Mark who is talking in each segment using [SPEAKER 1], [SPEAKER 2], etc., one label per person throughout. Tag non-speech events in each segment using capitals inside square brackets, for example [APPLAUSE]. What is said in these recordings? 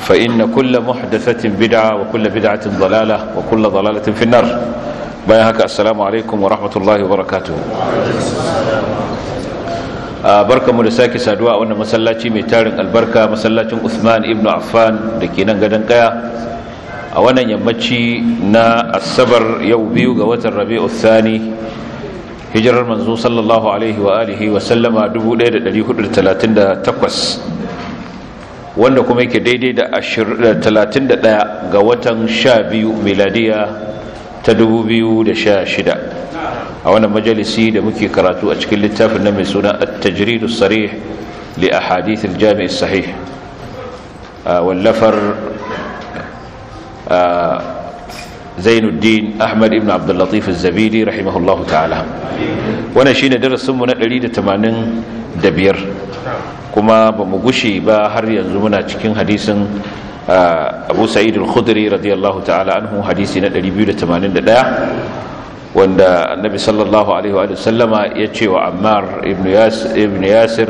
[SPEAKER 1] فإن كل محدثة بدعة وكل بدعة ضلالة وكل ضلالة في النار بايهك السلام عليكم ورحمة الله وبركاته barka mu da sake saduwa a wannan masallaci mai tarin albarka masallacin Uthman ibn Affan da ke nan gadon kaya a wannan yammaci na asabar yau biyu ga watan Rabi'u Thani hijirar manzo sallallahu alaihi wa alihi wa sallama 1438 wanda kuma yake daidai da 31 ga watan 12 miladiya ta 2016 a wannan majalisi da muke karatu a cikin littafin na mai suna at-tajrid as-sarih li ahadith al-jami' sahih wallafar Zainuddin Ahmad ibn Abdul Latif az-Zabidi rahimahullahu ta'ala wannan shine darasin mu na 185 kuma ba mu gushe ba har yanzu muna cikin hadisin abu sa'id al-khudri radiyallahu ta'ala anhu hadisi na 281 wanda annabi sallallahu alaihi wa sallama ya ce wa ammar ibn yasir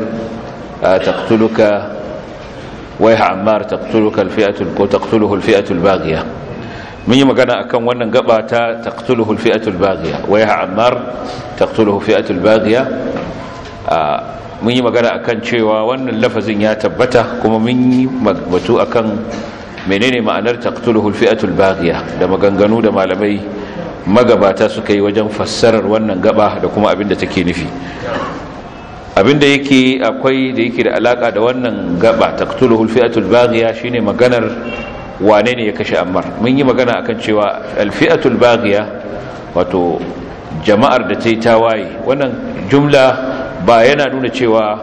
[SPEAKER 1] taqtuluka waiha ammar taqtuluka al-fi'atu taqtuluhu al-fi'atu al-baghiya mun yi magana akan wannan gaba ta taqtuluhu al-fi'atu al-baghiya waiha ammar taqtuluhu fi'atu al-baghiya mun yi magana akan cewa wannan lafazin ya tabbata kuma mun yi batu akan menene ma'anar taqtuluhu alfi'atul baghiya da maganganu da malamai magabata suka yi wajen fassarar wannan gaba da kuma abin da take nufi abin da yake akwai da yake da alaka da wannan gaba taqtuluhu alfi'atul baghiya shine maganar wane ne ya kashe ammar mun yi magana akan cewa alfi'atul baghiya wato jama'ar da ta yi tawaye wannan jumla ba yana nuna cewa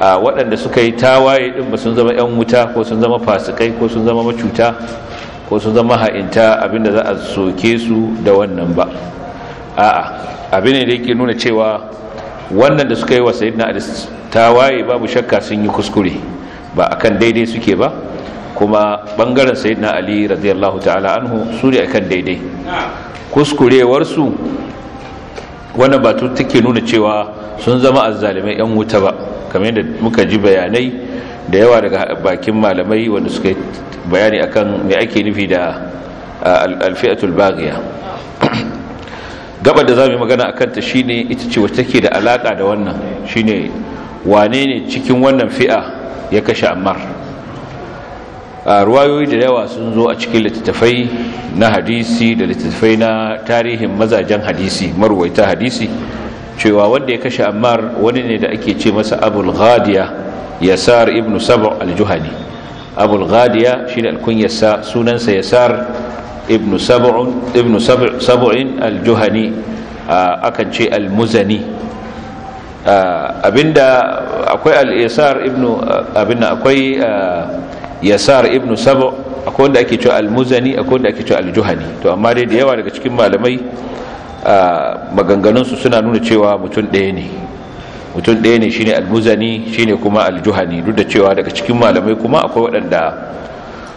[SPEAKER 1] waɗanda suka yi tawaye ɗin ba sun zama 'yan wuta ko sun zama fasikai ko sun zama macuta ko sun zama ha'inta abinda za a soke su da wannan ba a'a abin ne da yake nuna cewa wannan da suka yi wasa sayyidina tawaye babu shakka sun yi kuskure ba akan daidai suke ba kuma bangaren sayyidina ali radiyallahu ta'ala anhu su ne akan daidai kuskurewarsu wannan ba take nuna cewa sun zama azzalimai yan wuta ba kamar yadda muka ji bayanai da yawa daga bakin malamai wanda suka bayani akan me ake nufi da alfi'atul baghiya gaba da zamu magana akan ta shine ita ce wacce take da alaka da wannan shine wane ne cikin wannan fi'a ya kashe ammar ruwayoyi da yawa sun zo a cikin littattafai na hadisi da littattafai na tarihin mazajen hadisi marwaita hadisi cewa wanda ya kashe ammar wani ne da ake ce masa abul ghadiya yasar ibnu sab' al-juhani abul ghadiya shine alkunyarsa sunansa yasar ibnu sab' ibnu sab' al-juhani akan ce al-muzani abinda akwai al-yasar ibnu abinda akwai yasar ibnu sab' akwai wanda ake cewa al-muzani akwai wanda ake cewa al-juhani to amma dai da yawa daga cikin malamai maganganunsu suna nuna cewa mutum ɗaya ne mutum ɗaya ne shine almuzani shine kuma aljuhani duk da cewa daga cikin malamai kuma akwai waɗanda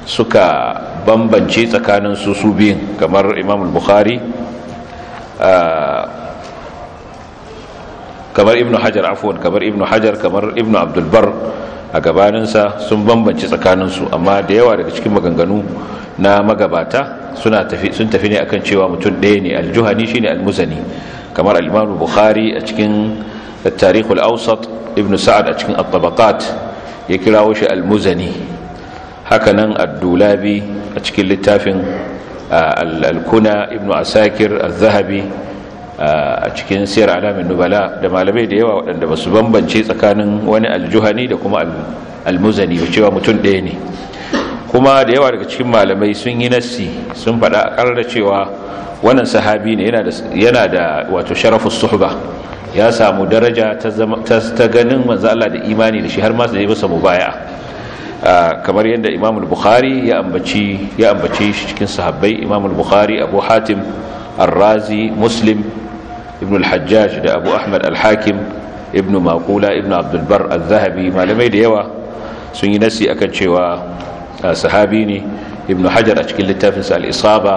[SPEAKER 1] suka bambance tsakanin su su biyun kamar imam bukhari kamar ibn hajar afwan kamar ibn hajar kamar ibn abdulbar a gabaninsa sun bambanci tsakaninsu amma da yawa daga cikin maganganu na magabata suna tafi sun tafi ne akan cewa mutum ɗaya ne aljuhani shine almuzani kamar al-Imam Bukhari a cikin Tarikh al-Awsat Ibn Sa'ad a cikin At-Tabaqat ya kirawo shi almuzani haka nan ad-Dulabi a cikin littafin al-Kuna Ibn Asakir az-Zahabi a cikin siyar alamin nubala da malamai da yawa waɗanda ba su bambance tsakanin wani aljuhani da kuma almuzani ba cewa mutum ɗaya ne kuma da yawa daga cikin malamai sun yi nassi sun faɗa a ƙarar cewa wannan sahabi ne yana da wato sharafin suhba ya samu daraja ta ganin manzo Allah da imani da shi har ma su yi masa mubaya kamar yadda imamul bukhari ya ambaci ambace shi cikin sahabbai imamul bukhari abu hatim arrazi razi muslim ibn al-hajjaj da abu ahmad al-hakim ibn maqula ibn abdul bar zahabi malamai da yawa sun yi nasi akan cewa sahabi ne ibn hajar a cikin littafin sa al-isaba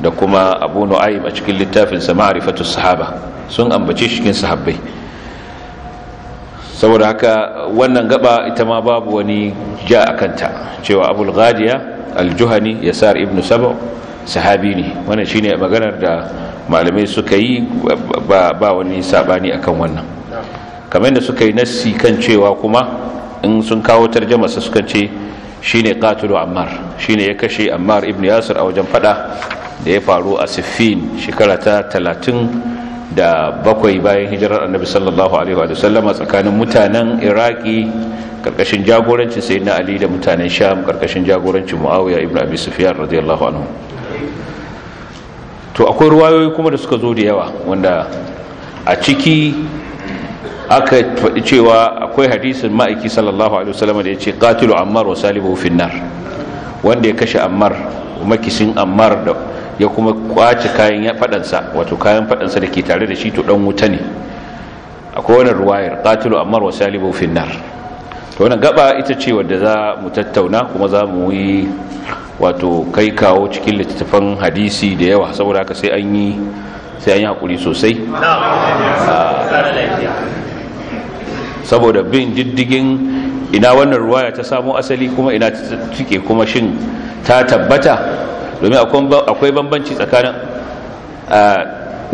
[SPEAKER 1] da kuma abu nu'aym a cikin littafin sa ma'rifatu sahaba sun ambace shi cikin sahabbai saboda haka wannan gaba ita ma babu wani ja akanta cewa abul ghadiya al-juhani yasar ibn saba' sahabi ne wannan shine maganar da malamai suka yi ba wani sabani akan wannan kamar da suka yi nassi kan cewa kuma in sun kawo tarjamasa suka ce shine qatilu ammar shine ya kashe ammar ibn yasir a wajen fada da ya faru a siffin shekara ta talatin da bakwai bayan hijirar annabi sallallahu alaihi wa sallam tsakanin mutanen iraki karkashin jagorancin sayyidina ali da mutanen sham karkashin jagorancin muawiya ibn abi sufyan radiyallahu anhu to akwai ruwayoyi kuma da suka zo da yawa wanda a ciki aka faɗi cewa akwai hadisin ma'aiki sallallahu alaihi wasallam da ya ce qatilu ammar wa salibu finnar wanda ya kashe ammar makisin ammar da ya kuma kwace kayan faɗansa wato kayan faɗansa da ke tare da shi to ɗan wuta ne akwai wani ruwayar qatilu ammar wa salibu finnar to wannan gaba ita ce wadda za mu tattauna kuma za mu yi wato kai kawo cikin littattafan hadisi da yawa saboda haka sai an yi sai an yi hakuri sosai ah. saboda bin diddigin ina wannan ruwaya ta samo asali kuma ina ta cike kuma shin ta tabbata domin akwai bambanci tsakanin ah,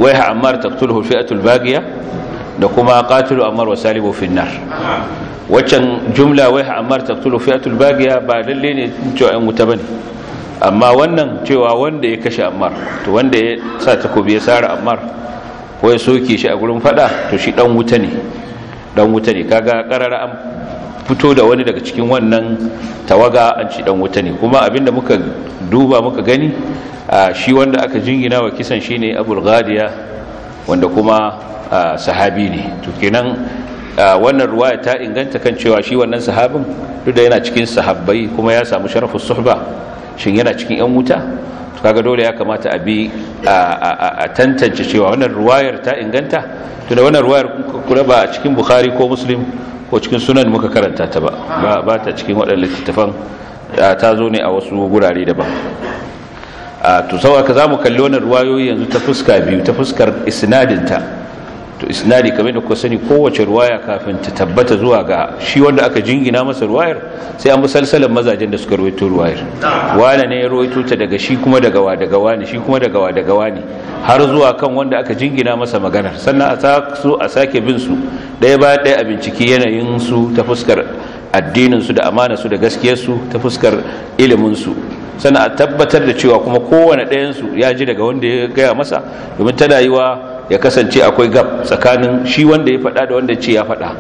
[SPEAKER 1] waiha ammar taqtuluhu fi'atul bagiya da kuma qatilu ammar wa salibu fi nar waccan jumla waiha ammar taqtuluhu fi'atul bagiya ba lalle ne cewa an wuta bane amma wannan cewa wanda ya kashe ammar to wanda ya sa takobi ya sare ammar ko ya soke shi a gurin fada to shi dan wuta ne dan wuta ne kaga karara an fito da wani daga cikin wannan tawaga an ci dan wuta ne kuma abinda muka duba muka gani shi wanda aka jingina wa kisan shine abul ghadiya wanda kuma sahabi ne to kenan wannan ruwaya ta inganta kan cewa shi wannan sahabin duk da yana cikin sahabbai kuma ya samu sharafus suhba shin yana cikin yan wuta to kaga dole ya kamata a bi a tantance cewa wannan ruwayar ta inganta to da wannan ruwayar kula ba a cikin bukhari ko muslim ko cikin sunan muka karanta ta ba ba ta cikin waɗannan littattafan ta zo ne a wasu gurare daban to sau aka za mu kalli wannan ruwayoyi yanzu ta fuska biyu ta fuskar isnadinta to isnadi kamar da kuka sani kowace ruwaya kafin ta tabbata zuwa ga shi wanda aka jingina masa ruwayar sai an bi mazajen da suka ruwaito ruwayar wane ne ya ruwaito ta daga shi kuma daga wa daga wani shi kuma daga wa daga wani har zuwa kan wanda aka jingina masa maganar sannan a su a sake bin su daya bayan daya a binciki yanayin su ta fuskar addinin su da amana su da gaskiyar su ta fuskar ilimin su sannan a tabbatar da cewa kuma kowane ɗayan su ya ji daga wanda ya gaya masa domin tana yi wa ya kasance akwai gab tsakanin shi wanda ya fada da wanda ce ya faɗa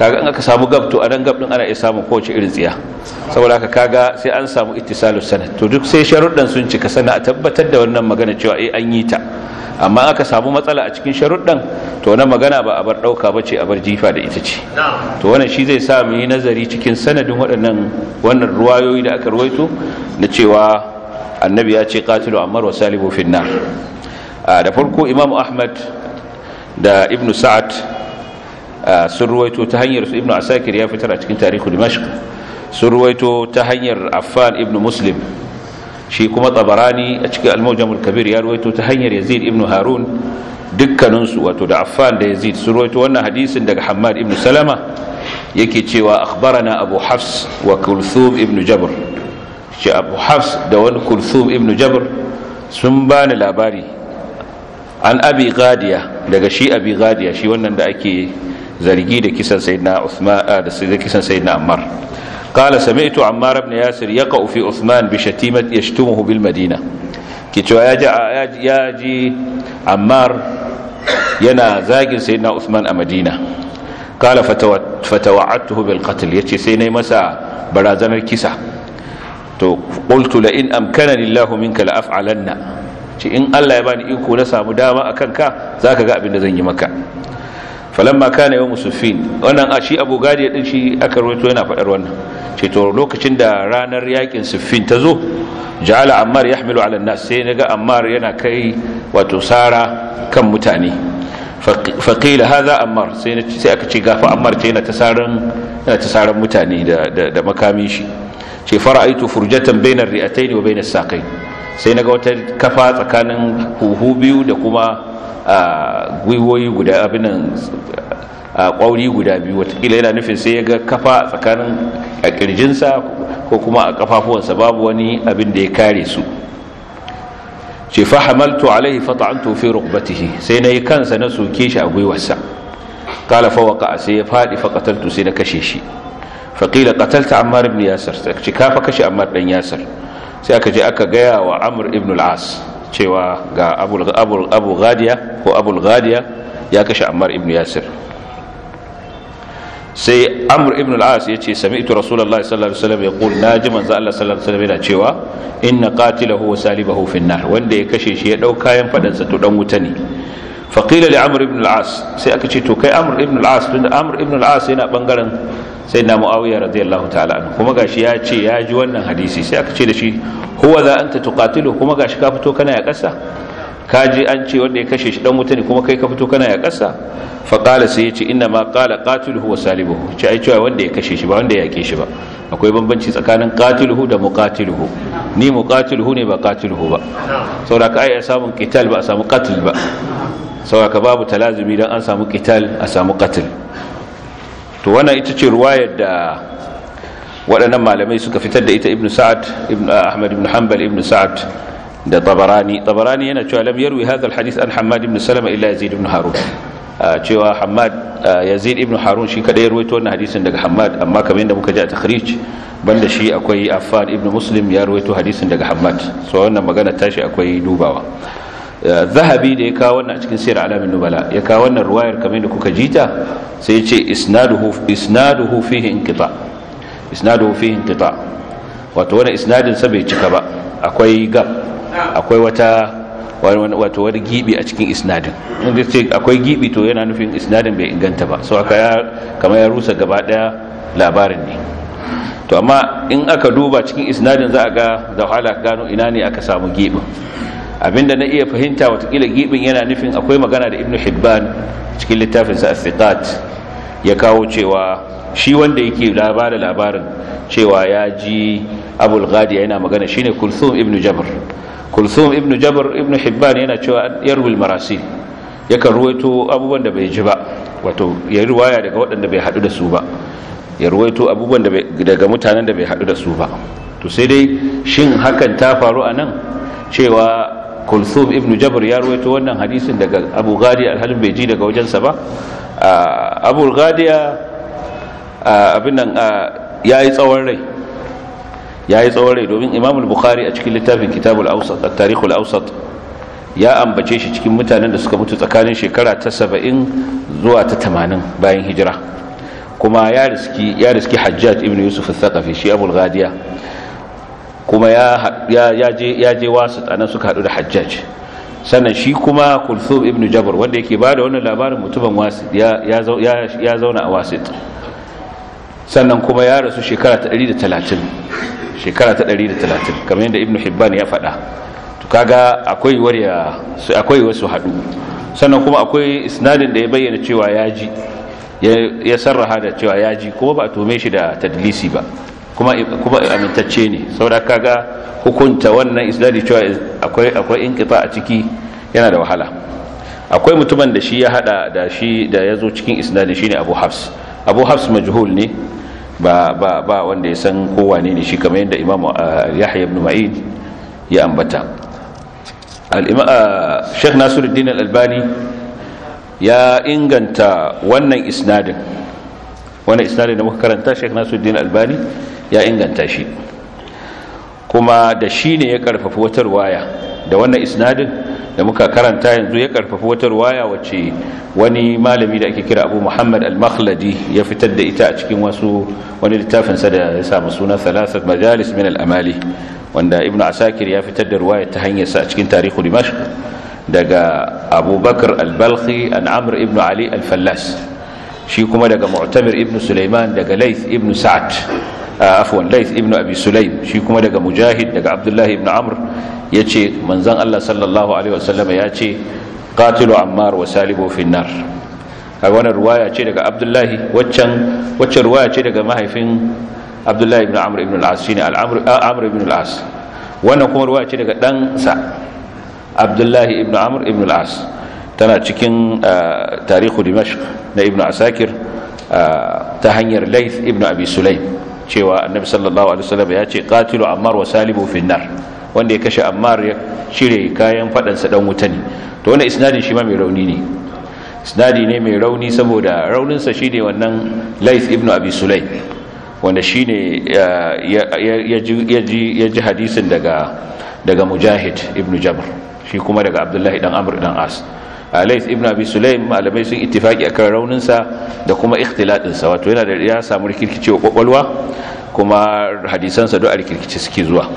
[SPEAKER 1] kaga in aka samu gab to a nan gab din ana iya samu kowace irin tsiya saboda haka kaga sai an samu ittisalus sanad to duk sai sharuɗan sun cika sana a tabbatar da wannan magana cewa eh an yi ta amma aka samu matsala a cikin sharuɗan to wannan magana ba a bar dauka ba ce a bar jifa da ita ce to wannan shi zai sa mu yi nazari cikin sanadin waɗannan wannan ruwayoyi da aka ruwaito na cewa annabi ya ce qatilu ammar wa salibu finnar Ah, da farko imam ahmad da ibn sa'ad ah, sun ruwaito ta hanyar su ibn asakir ya fitar a cikin tarihu dimashq sun ruwaito ta hanyar affan ibn muslim shi kuma tabarani a cikin almujamul kabir ya ruwaito ta hanyar yazid ibn harun dukkaninsu wato da affan da yazid sun ruwaito wannan hadisin daga hammad ibn salama yake cewa akhbarana abu hafs wa kulthum ibn jabr shi abu hafs da wani kulthum ibn jabr sun bani labari an abi gadiya daga shi abi gadiya shi wannan da ake zargi da kisan sayyidina Uthman ah, da kisan sayyidina Ammar qala sami'tu Ammar ibn Yasir yaqa'u fi usman bi shatimat yashtumuhu bil Madina kicewa ya ji ya ji Ammar yana zagin sayyidina usman a Madina qala fatawa'atuhu bil qatl yace sai nayi masa barazanar kisa to qultu la in amkanani Allah minka la af'alanna ci in Allah ya bani iko na samu dama akan ka zaka ga abin da zan yi maka falamma kana yawmu sufin wannan a shi Abu Gadi din shi aka rawaito yana fadar wannan ce to lokacin da ranar yakin sufin ta zo ja'ala ammar yahmilu ala nas sai naga ammar yana kai wato sara kan mutane faqila hadha ammar sai sai aka ce gafa ammar ce yana ta saran yana ta saran mutane da da makamin shi ce fara'aitu furjatan bainar ri'atayn wa bainas saqayn sai na ga wata kafa tsakanin huhu biyu da kuma gwiwoyi guda abinan kwauri guda biyu watakila yana nufin sai ya ga kafa tsakanin a kirjinsa ko kuma a kafafuwansa babu wani abin da ya kare su ce fa hamaltu alaihi fata'antu fi rukbatihi sai na yi kansa na soke shi a gwiwarsa kala fa waka sai ya faɗi fa sai na kashe shi faƙila qila qatalta ammar ibn ka fa kashe dan yasir sai aka je aka gaya wa Amur ibn al-as cewa ga abu Gadiya, ko abu Gadiya ya kashe ammar ibn yasir sai Amur ibn al-as ya ce sami ito rasulallah sallallahu alaihi wasallam ya kul na ji manzo Allah sallallahu alaihi wasallam yana cewa inna qatilahu wa salibahu fi nar wanda ya kashe shi ya dau kayan fadan sa to dan wuta ne fa qila li amr ibn al-as sai aka ce to kai amr ibn al-as tunda amr ibn al-as yana bangaren sai na mu'awiyar radiyallahu ta'ala kuma gashi ya ce ya ji wannan hadisi sai aka ce da shi huwa za anta tuqatilu kuma gashi ka fito kana ya kasa ka ji an ce wanda ya kashe shi dan wuta kuma kai ka fito kana ya kasa fa qala sai yace inna ma qala qatiluhu huwa salibuhu ce ai cewa wanda ya kashe shi ba wanda ya yake shi ba akwai bambanci tsakanin qatiluhu da muqatiluhu ni muqatiluhu ne ba qatiluhu ba saboda ka ai samun qital ba a samu qatl ba saboda ka babu talazumi dan an samu qital a samu qatl to wannan ita ce ruwayar da waɗannan malamai suka fitar da ita ibn sa'ad ibn ah, ahmad ibn hanbal ibn sa'ad da tabarani tabarani yana cewa lam yarwi hadha alhadith an hammad ibn salama illa yazid ibn harun ah, cewa hammad ah, yazid ibn harun shi kadai ruwaito wannan hadisin daga hammad amma kamar yadda muka ji a takhrij banda shi akwai affan ibn muslim ya ruwaito hadisin daga hammad so wannan magana tashi akwai dubawa zahabi da ya kawo wannan a cikin sayar alamin nubala ya kawo wannan ruwayar kamar da kuka jita sai ya ce isnaduhu fihi inkita isnaduhu fihi inkita wato wani isnadin sa bai cika ba akwai gab akwai wata wato wani gibi a cikin isnadin inda ce akwai gibi to yana nufin isnadin bai inganta ba so aka ya kamar ya rusa gaba daya labarin ne to amma in aka duba cikin isnadin za a ga da hala gano ina ne aka samu gibin abinda na iya fahimta watakila gibin yana nufin akwai magana da ibnu hibban cikin littafinsa as-siqat ya kawo cewa shi wanda yake labarin labarin cewa ya ji abul ghadi yana magana shine kulsum ibnu jabr kulsum ibnu jabr ibnu hibban yana cewa al marasil yakan ruwaito abubuwan da bai ji ba wato ya riwaya daga waɗanda bai haɗu da su ba ya ruwaito abubuwan daga mutanen da bai haɗu da su ba to sai dai shin hakan ta faru anan? cewa kulthum ibn jabr ya ruwaito wannan hadisin daga abu gadiya alhalin bai ji daga wajensa ba abu gadiya abin nan ya yi tsawon rai ya yi tsawon rai domin imam bukhari a cikin littafin kitabul awsat at-tarikhul awsat ya ambace shi cikin mutanen da suka mutu tsakanin shekara ta 70 zuwa ta 80 bayan hijira kuma ya riski ya ibn yusuf al-thaqafi shi abu gadiya kuma ya je wasu tsanan suka haɗu da hajjaj sannan shi kuma kulthum ibn jabr wanda yake ba da wannan labarin mutumin wasu ya zauna a wasu sannan kuma ya rasu shekara ta 130 shekara ta 130 kamar yadda ibn hibban ya faɗa to kaga akwai wariya akwai wasu haɗu sannan kuma akwai isnadin da ya bayyana cewa ya ji ya sarraha da cewa ya ji kuma ba a tome shi da tadlisi ba kuma kuma amintacce ne saboda kaga hukunta wannan islami cewa akwai akwai inqita a ciki yana da wahala akwai mutumin da shi ya hada da shi da yazo cikin islami shine Abu Hafs Abu Hafs majhul ne ba ba ba wanda ya san ko wane ne shi kamar yadda Imam uh, Yahya ibn Ma'in ya ambata al-Imam uh, Sheikh Nasiruddin Al-Albani ya inganta wannan isnadin wannan isnadin da muka karanta Sheikh Nasiruddin Al-Albani ya inganta shi kuma da shi ne ya karfafi wata ruwaya da wannan isnadin da muka karanta yanzu ya karfafi wata ruwaya wacce wani malami da ake kira abu muhammad al-makhladi ya fitar da ita a cikin wasu wani littafinsa da ya samu suna salasat majalis min al-amali wanda ibn asakir ya fitar da ruwaya ta hanyarsa a cikin tarihu dimashq daga abubakar al-balkhi an amr ibn ali al-fallas shi kuma daga mu'tamir ibn sulaiman daga laith ibn sa'ad afwan lais ibnu abi sulaim shi kuma daga mujahid daga abdullah ibnu amr yace manzon Allah sallallahu alaihi wasallam yace qatilu ammar wa salibu fi nar kaga wannan ruwaya ce daga abdullahi waccan waccan ruwaya ce daga mahaifin abdullahi ibnu amr ibn al-as shine al-amr amr ibn al-as wannan kuma ruwaya ce daga dan sa abdullahi ibnu amr ibn al-as tana cikin tarihu dimashq na ibnu asakir ta hanyar lais ibnu abi sulaim cewa annabi sallallahu alaihi wasallam ya ce qatilu ammar wa salibu finnar wanda ya kashe ammar ya shire kayan fadansa dan wuta ne to wannan isnadin shi ma mai rauni ne isnadi ne mai rauni saboda rauninsa shine wannan Lais ibn Abi Sulaim wanda shine ya ji hadisin daga daga Mujahid ibn Jabr shi kuma daga Abdullahi dan Amr dan As Alais ibn Abi Sulaim malamai sun ittifaki akan rauninsa da kuma sa wato yana da ya samu rikirkicewa kwakwalwa kuma hadisansa duk a rikirkice suke zuwa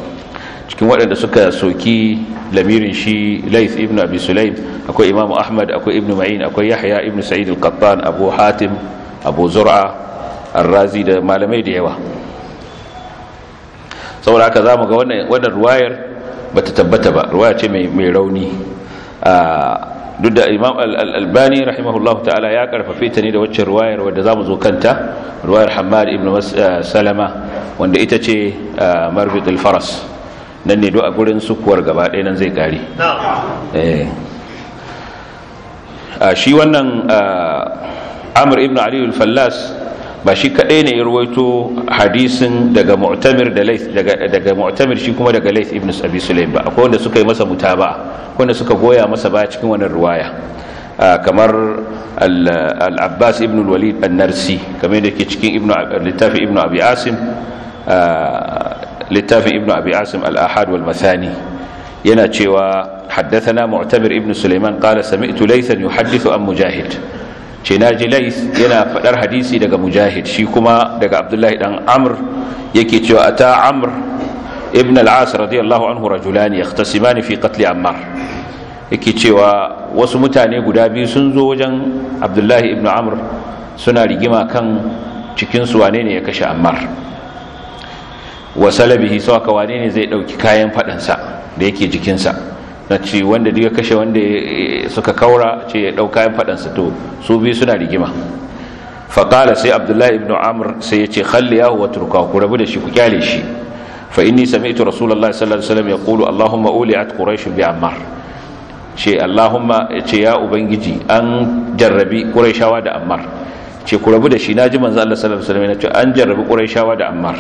[SPEAKER 1] cikin waɗanda suka soki lamirin shi Lais ibn Abi Sulaim akwai Imam Ahmad akwai Ibn Ma'in akwai Yahya ibn Sa'id al-Qattan Abu Hatim Abu Zur'a Ar-Razi da malamai da yawa saboda haka zamu ga wannan ruwayar bata tabbata ba ruwaya ce mai rauni ah, duk da imam al-albani rahimahullahu ta'ala ya karfafe ta ne da waccan ruwayar wadda za mu zo kanta ruwayar hamad ibn eh, salama wanda ita ce eh, marbit al-faras nan ne do a gurin sukuwar gaba ɗaya nan zai ƙari eh. ah, shi wannan ah, amur ibn ali al-fallas ba shi kadai ne ya ruwaito hadisin daga mu'tamir da daga daga mu'tamir shi kuma daga lais ibn abi sulaim ba akwai wanda suka yi masa mutaba wanda suka goya masa ba cikin wannan riwaya ah, kamar al-abbas ibn al-walid an-narsi kamar da ke cikin ibn littafi ibn abi asim ah, littafi ibn abi asim al-ahad wal yana cewa na mu'tamir ibn sulaiman qala sami'tu laysan yuhaddithu an mujahid ji jilais yana fadar hadisi daga mujahid shi kuma daga abdullahi dan amr yake cewa ata amr ibn al radiyallahu anhu rajulani yahtasimani fi katli ammar yake cewa wasu mutane guda biyu sun zo wajen abdullahi ibn amr suna rigima kan cikinsu wane ne ya kashe ammar wa salabihi sawaka wane ne zai ɗauki kayan fadansa da yake jikinsa na ce wanda ya kashe wanda suka kaura ce ya ɗau kayan sa to su biyu suna rigima faƙala sai abdullahi ibn amr sai ya ce wa turka ku rabu da shi ku kyale shi fa inni sami'tu rasulullahi sallallahu alaihi wasallam yaqulu allahumma uli'at quraish bi ammar ce allahumma ce ya ubangiji an jarrabi quraishawa da ammar ce ku rabu da shi naji manzo Allah sallallahu alaihi wasallam ce an jarrabi quraishawa da ammar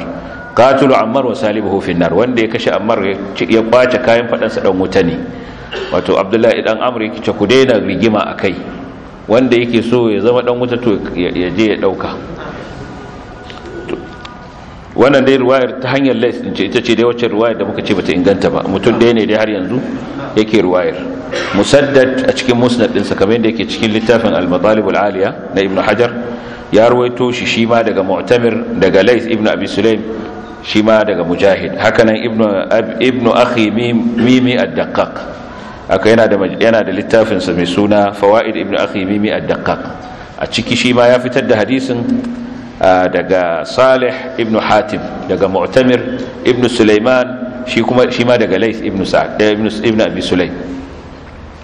[SPEAKER 1] qatilu ammar wa salibuhu fi nar wanda ya kashe ammar ya kwace kayan fadan sa dan wuta ne wato abdullahi dan amr yake ce ku daina rigima akai wanda yake so ya zama dan wuta to ya je ya dauka wannan dai ruwayar ta hanyar lais ce ita ce dai wacce ruwayar da muka ce bata inganta ba mutum dai ne dai har yanzu yake ruwayar musaddad a cikin musnad ɗinsa kamar yadda yake cikin littafin al-matalib al-aliya na ibnu hajar ya ruwaito shi shi ma daga mu'tamir daga lais ibn abi sulaim shi ma daga mujahid hakanan ibn akhi mimi ad-daqqaq aka yana da yana da littafin sa mai suna fawaid ibn akhi mimi ad-daqqaq a ciki shi ma ya fitar da hadisin daga salih ibn hatim daga mu'tamir ibn sulaiman shi kuma shi ma daga lais ibn sa'd eh, ibn abi sulaim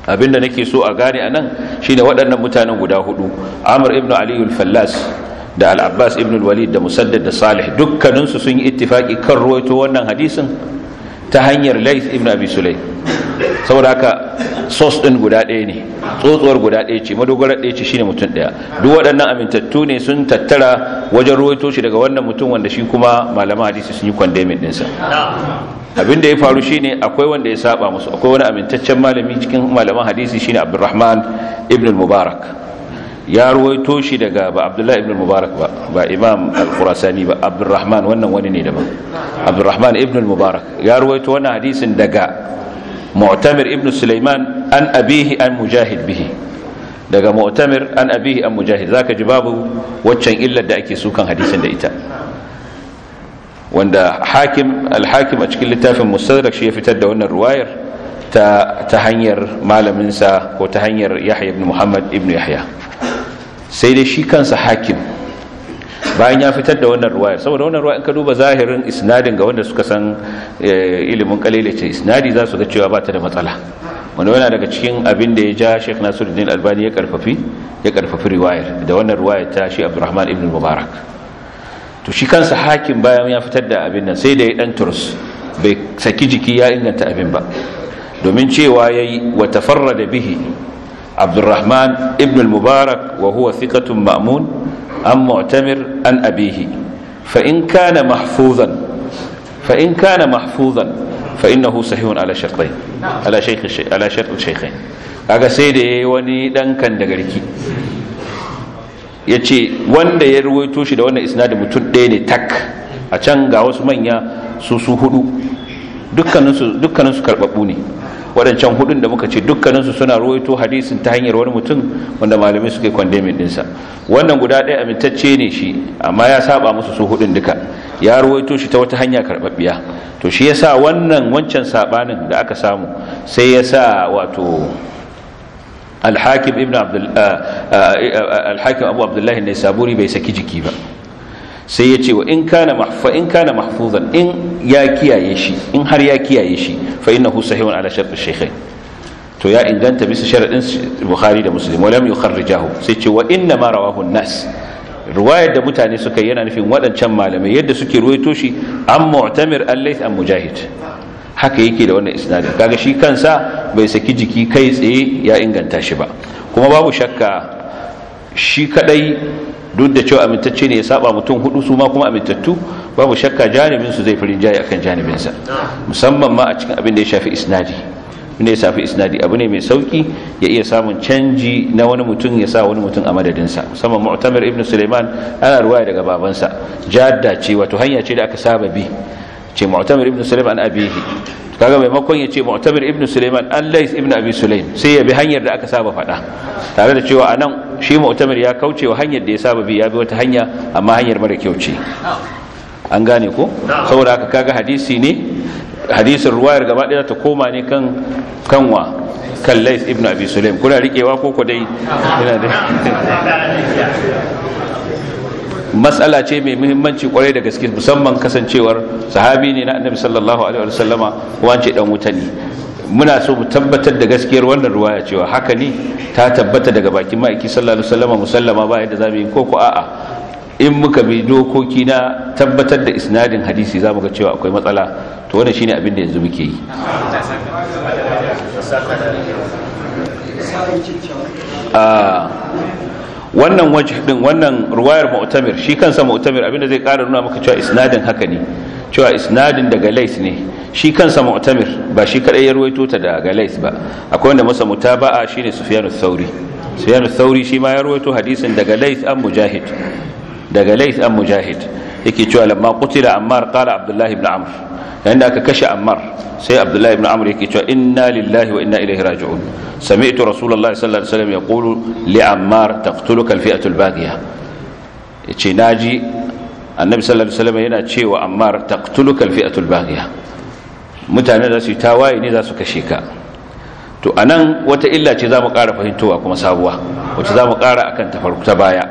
[SPEAKER 1] abinda nake so a gane anan shine waɗannan mutanen guda hudu Amur, ibn aliyul fallas da al-abbas ibn walid da musaddad da salih dukkaninsu sun yi ittifaki kan ruwaito wannan hadisin ta hanyar laith ibn abi sulay saboda haka sos din guda ɗaya ne tsotsuwar guda ɗaya ce madogarar ɗaya ce shine mutum ɗaya duk waɗannan amintattu ne sun tattara wajen ruwaito shi daga wannan mutum wanda shi kuma malaman hadisi sun yi kwandemin ɗinsa abin da ya faru shine akwai wanda ya saba musu akwai wani amintaccen malami cikin malaman hadisi shine Abdurrahman ibn mubarak ya ruwaito shi daga ba Abdullahi ibn mubarak ba ba Imam al-Qurasani ba Abdurrahman wannan wani ne daban Abdurrahman ibn mubarak ya ruwaito wannan hadisin daga Mu'tamir ibn Sulaiman an abihi an mujahid bihi daga Mu'tamir an abihi an mujahid zaka ji babu waccan illar da ake sukan hadisin da ita wanda hakim alhakim a cikin littafin mustadrak shi ya fitar da wannan ruwayar ta ta hanyar malaminsa ko ta hanyar yahya ibn muhammad ibn yahya sai dai shi kansa hakim bayan ya fitar da wannan ruwayar saboda wannan ruwayar ka duba zahirin isnadin ga wanda suka san eh, ilimin kalile ce isnadi za su ga cewa ba ta da matsala wanda yana daga cikin abin da ya ja Sheikh Nasiruddin Albani ya karfafi ya karfafi riwayar da wannan ruwayar ta shi Abdurrahman ibn Mubarak to shi kansa hakim bayan ya fitar da abin nan sai da ya dan turus bai saki jiki ya inganta abin ba domin cewa yayi wa tafarrada bihi Abdurrahman ibn al-Mubarak wa huwa thiqatun ma'mun an mu'tamir an abihi fa in kana mahfuzan fa in kana mahfuzan fa innahu sahihun ala shartain ala shaykh ala shaykhain kaga sai da yayi wani dan kan da garki ya ce wanda ya ruwaito shi da wannan da mutum ɗaya ne tak a can ga wasu manya su su hudu dukkaninsu karɓaɓɓu ne waɗancan hudun da muka ce dukkaninsu suna ruwaito hadisin ta hanyar wani mutum wanda malamai suke min ɗinsa wannan guda ɗaya amintacce ne shi amma ya saba musu su hudun duka ya ruwaito shi ta wata hanya karɓaɓɓiya to shi ya sa wannan wancan saɓanin da aka samu sai ya sa wato alhakim ibn uh, uh, alhakim abu abdullahi ne saburi bai saki jiki ba sai ya ce wa in kana mahfa in kana mahfuzan in ya kiyaye shi in har ya kiyaye shi fa innahu sahihun ala shart ash-shaykhain to ya inganta bisa sharadin bukhari da muslim walam yukharrijahu sai ce wa inna ma rawahu an-nas riwayar da mutane suka yana nufin waɗancan malamai yadda suke ruwaito shi an mu'tamir al-layth an mujahid haka yake da wannan isnadin kaga shi kansa bai saki jiki kai tsaye ya inganta shi ba kuma babu shakka shi kadai duk da cewa amintacce ne ya saba mutum hudu su ma kuma amintattu babu shakka janibin su zai farin jayi akan janibin sa musamman ma a cikin abin da ya shafi isnadi da ya safi isnadi abu ne mai sauki ya iya samun canji na wani mutum ya sa wani mutum a sa musamman mu'tamir ibnu suleiman ana ruwaya daga babansa jadda ce wato hanya ce da aka saba bi ce mu'tamir ibn sulaiman abihi kaga maimakon ya ce mu'tamir ibn sulaiman an lais ibn abi sulaim sai ya bi hanyar da aka saba faɗa tare da cewa anan shi mu'tamir ya kauce wa hanyar da ya saba bi ya bi wata hanya amma hanyar mara kyau ce an gane ko saboda haka kaga hadisi ne hadisin ruwayar gaba ɗaya ta koma ne kan kanwa kan lais ibn abi sulaim kuna riƙewa ko ko dai ina dai matsala ce mai muhimmanci kwarai da gaske musamman kasancewar sahabi ne na annabi sallallahu alaihi wa sallama, wance dan wuta ne muna so mu tabbatar da gaskiyar wannan ruwaya cewa haka ne ta tabbata daga bakin ma'aiki sallallahu alaihi wa sallama musallama ba yadda zamu yi ko ko a'a in muka bi dokoki na tabbatar da isnadin hadisi zamu ga cewa akwai matsala to wannan shine abin da yanzu muke yi a ah. wannan wajh din wannan ruwayar mu'tamir shi kansa mu'tamir abinda zai kara nuna maka cewa isnadin haka ne cewa isnadin daga lais ne shi kansa mu'tamir ba shi kadai ya ruwaito ta daga lais ba akwai wanda masa mutaba'a shine sufyan ath-thauri sufyan ath-thauri shi ma ya ruwaito hadisin daga lais an mujahid daga lais an mujahid yake cewa lamma qutila ammar qala abdullahi ibn amr yayin aka kashe ammar sai abdullahi ibn amr yake cewa inna lillahi wa inna ilaihi raji'un sami'tu rasulullahi sallallahu alaihi wasallam yaqulu li ammar taqtuluka al-fi'atu al-baghiya yace naji annabi sallallahu alaihi wasallam yana cewa ammar taqtuluka al-fi'atu al-baghiya mutane da su tawaye ne za su kashe ka to anan wata illa ce za mu ƙara fahimtowa kuma sabuwa wacce za mu ƙara akan ta farko ta baya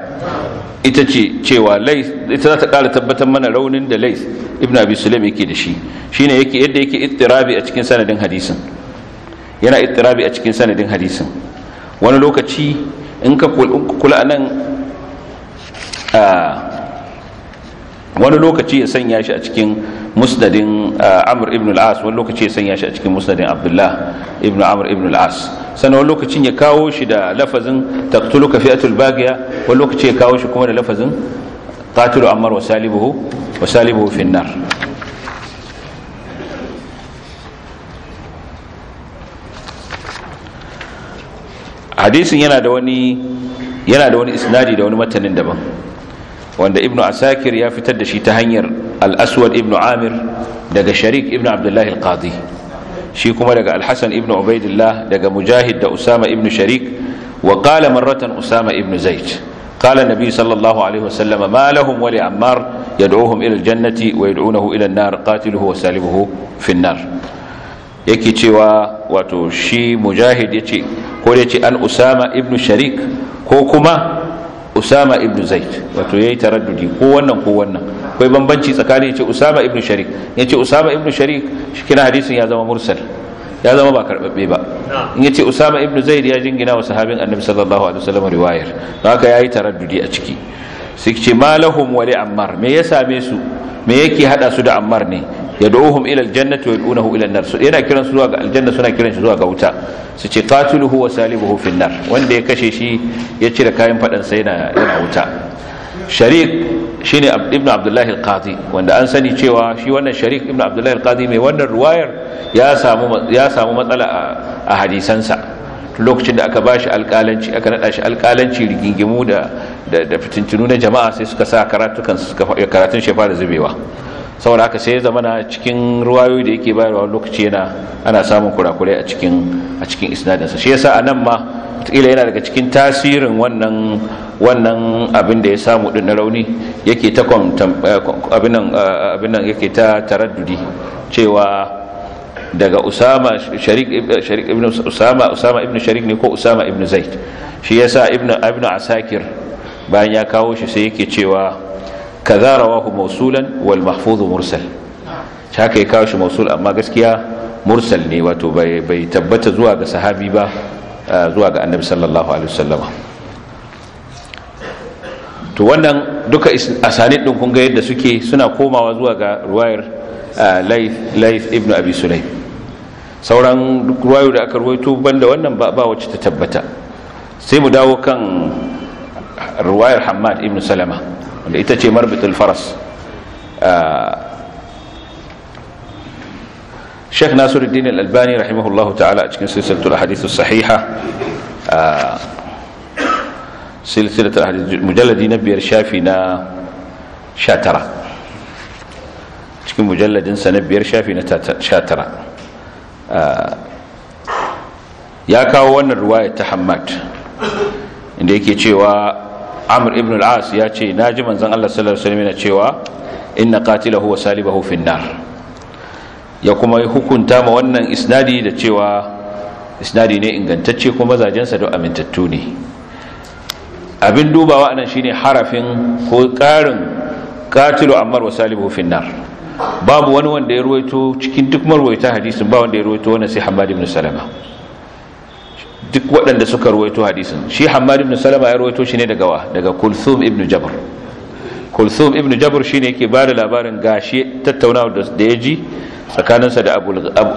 [SPEAKER 1] ita ce cewa lais ita za ta ƙara tabbatar mana raunin da lais ibn abi sulaim yake da shi shine yake yadda yake ittirabi a cikin sanadin hadisin yana ittirabi a cikin sanadin hadisin wani lokaci in ka kula nan a ah, wani lokaci ya sanya shi a cikin musnadin uh, amr ibn al-as wani lokaci ya sanya shi a cikin musnadin abdullah ibn amr ibn al-as sannan wani lokacin ya kawo shi da lafazin taqtuluka fi'atul baghiya wani lokaci ya kawo shi kuma da lafazin qatilu ammar wa salibuhu wa salibuhu fi nar hadisin yana da wani yana da wani isnadi da wani matanin daban wanda ibnu asakir ya fitar da shi ta hanyar al-aswad ibnu amir daga sharik ibnu abdullahi al-qadi shi kuma daga al-hasan ibnu ubaidillah daga mujahid da usama ibnu sharik wa qala marratan usama ibnu zaid قال النبي صلى الله عليه وسلم ما لهم ولعمار يدعوهم إلى الجنة ويدعونه إلى النار قاتله وسالبه في النار yake cewa wato shi mujahid yace ko yace an usama ibnu sharik ko kuma usama ibn zaid wato yayi taraddudi ko wannan ko wannan akwai bambanci tsakanin yace usama ibn sharik yace usama ibn sharik shikina hadisin ya zama mursal ya zama ba karbabbe ba in yace usama ibn zaid ya jingina wa sahabin annabi sallallahu alaihi wasallam riwayar haka yayi taraddudi a ciki sai ce malahum wali ammar me ya same su me yake hada su da ammar ne yad'uhum ila aljannati wa yad'unahu ila an-nar yana kiran su zuwa ga aljanna suna kiran shi zuwa ga wuta su ce qatiluhu wa salibuhu fi nar wanda ya kashe shi ya cire kayan fadan sai yana yana wuta sharik shine ibn abdullah al-qadi wanda an sani cewa shi wannan sharik ibn abdullah al-qadi mai wannan ruwayar ya samu ya samu matsala a hadisansa lokacin da aka bashi alƙalanci aka nada shi alƙalanci rigingimu da da fitintunu na jama'a sai suka sa karatukan suka karatun shefa da zubewa saboda haka sai ya zama na cikin ruwayoyi da yake bayarwa lokaci yana ana samun kurakurai a cikin a cikin isnadinsa shi yasa a nan ma kila yana daga cikin tasirin wannan wannan abin da ya samu din na rauni yake ta eh, abin nan eh, abin nan yake ta taraddudi cewa daga Usama Sharik Sharik ibn Usama Usama ibn Sharik ne ko Usama ibn Zaid shi yasa ibn Ibn Asakir bayan ya kawo shi sai yake cewa kaza rawahu mawsulan wal mahfuz mursal haka ya kawo shi mawsul amma gaskiya mursal ne wato bai tabbata zuwa ga sahabi ba zuwa ga annabi sallallahu alaihi wasallama to wannan duka asanid din kun ga yadda suke suna komawa zuwa ga ruwayar laif ibn abi sulaim sauran duk da aka ruwaito banda wannan ba ba wacce ta tabbata sai mu dawo kan ruwayar hamad ibn salama wanda ita ce marbitul faras ah, Sheikh Nasiruddin Al-Albani rahimahullahu ta'ala a cikin silsilatul ahadith as-sahiha ah, silsilatul ahadith mujalladi na biyar shafi na 19 cikin mujalladin sa na biyar shafi na 19 ah, ya kawo wannan ruwaya ta hamad inda yake cewa amr ibn al-as ya ce na ji manzon Allah sallallahu alaihi wasallam cewa inna qatilahu wa salibahu fi nar ya kuma hukunta ma wannan isnadi da cewa isnadi ne ingantacce kuma mazajensa da amintattu ne abin dubawa anan shine harafin ko karin qatilu amr wa salibahu fi nar babu wani wanda ya ruwaito cikin duk marwaita hadisin ba wanda ya ruwaito wannan sai hamad ibn salama duk waɗanda suka ruwaito hadisin shi hammad ibn salama ya ruwaito shi ne daga wa daga kulthum ibn jabr kulthum ibn jabr shine yake ba da labarin gashi tattaunawa da ya ji tsakaninsa da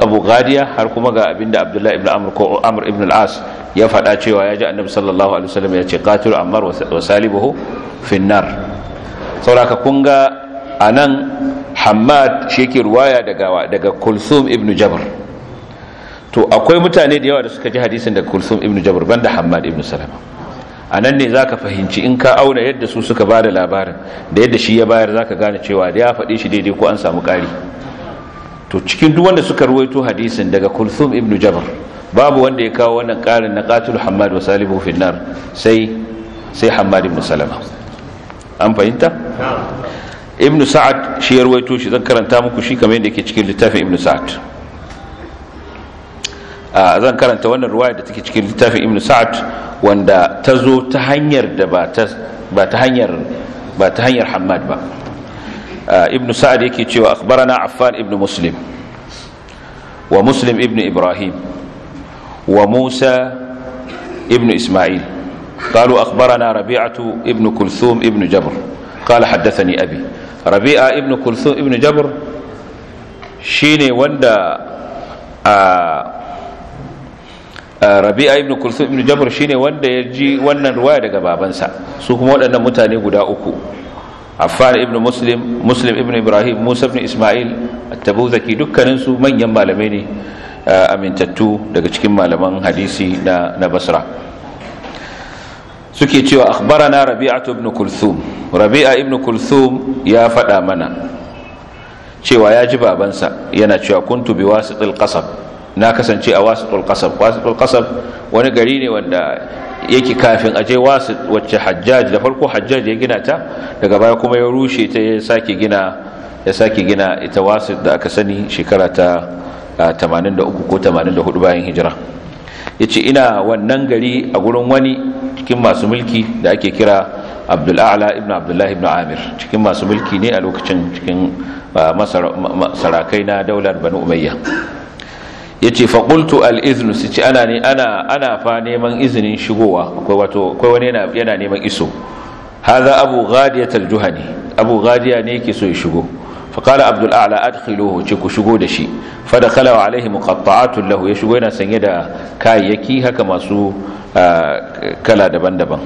[SPEAKER 1] abu gadiya har kuma ga abinda abdullahi ibn amr ko amr ibn al-as ya faɗa cewa ya ji annabi sallallahu alaihi wasallam ya ce qatilu ammar wa salibuhu finnar. nar kun ga anan hammad shi yake ruwaya daga daga kulthum ibn jabr to akwai mutane da yawa da suka ji hadisin daga kulsum ibnu Jabir banda hammad ibnu salama a nan ne zaka fahimci in ka auna yadda su suka bada labarin da yadda shi ya bayar zaka gane cewa da ya faɗi shi daidai ko an samu ƙari to cikin duk wanda suka ruwaito hadisin daga kulsum ibnu Jabir, babu wanda ya kawo wannan ƙarin na qatil hammad wa salibu fil sai sai hammad salama an fahimta ibnu sa'ad shi ya ruwaito shi zan karanta muku shi kamar yadda yake cikin littafin ibnu sa'ad zan karanta wannan ruwaya da take cikin littafin ibn sa'ad wanda ta zo ta hanyar da ba ta hanyar ba ta hanyar hammad ba ibn sa'ad yake cewa akhbarana affan ibn muslim wa muslim ibn ibrahim wa musa ibn isma'il قالوا أخبرنا ربيعة ابن كلثوم ابن جبر قال حدثني أبي ربيعة ابن كلثوم ابن جبر shine wanda a Eh, rabi'a ibn kulsum ibn jamr shine wanda ya ji wannan ruwaya daga babansa su kuma waɗannan mutane guda uku affan ibn muslim muslim ibn ibrahim musa ibn isma'il at-tabuzaki dukkanin su manyan malamai ne eh, amintattu daga cikin malaman hadisi na na basra suke cewa akhbarana rabi'atu ibn kulthum rabi'a ibn kulthum ya faɗa mana cewa ya ji babansa yana cewa kuntu biwasitil qasab na kasance a wasitul qasab wasitul qasab wani gari ne wanda yake kafin aje wasit wacce hajjaj da farko hajjaji ya gina ta daga baya kuma ya rushe ta ya sake gina ya sake gina ita wasit da aka sani shekara ta 83 ko 84 bayan hijira yace ina wannan gari a gurin wani cikin masu mulki da ake kira Abdul A'la ibn Abdullah ibn Amir cikin masu mulki ne a lokacin cikin sarakai na daular Banu Umayya Ya ce faƙultu al su ce ana fa neman izinin shigowa akwai wani yana yana neman iso haza abu ghadiyat al juhani abu ghadiya ne yake so ya shigo fa qala abdul a'la adkhiluhu ce ku shigo da shi fa kalawa alaihi muqatta'atun lahu ya shigo yana sanye da kayayyaki haka masu ah, kala daban-daban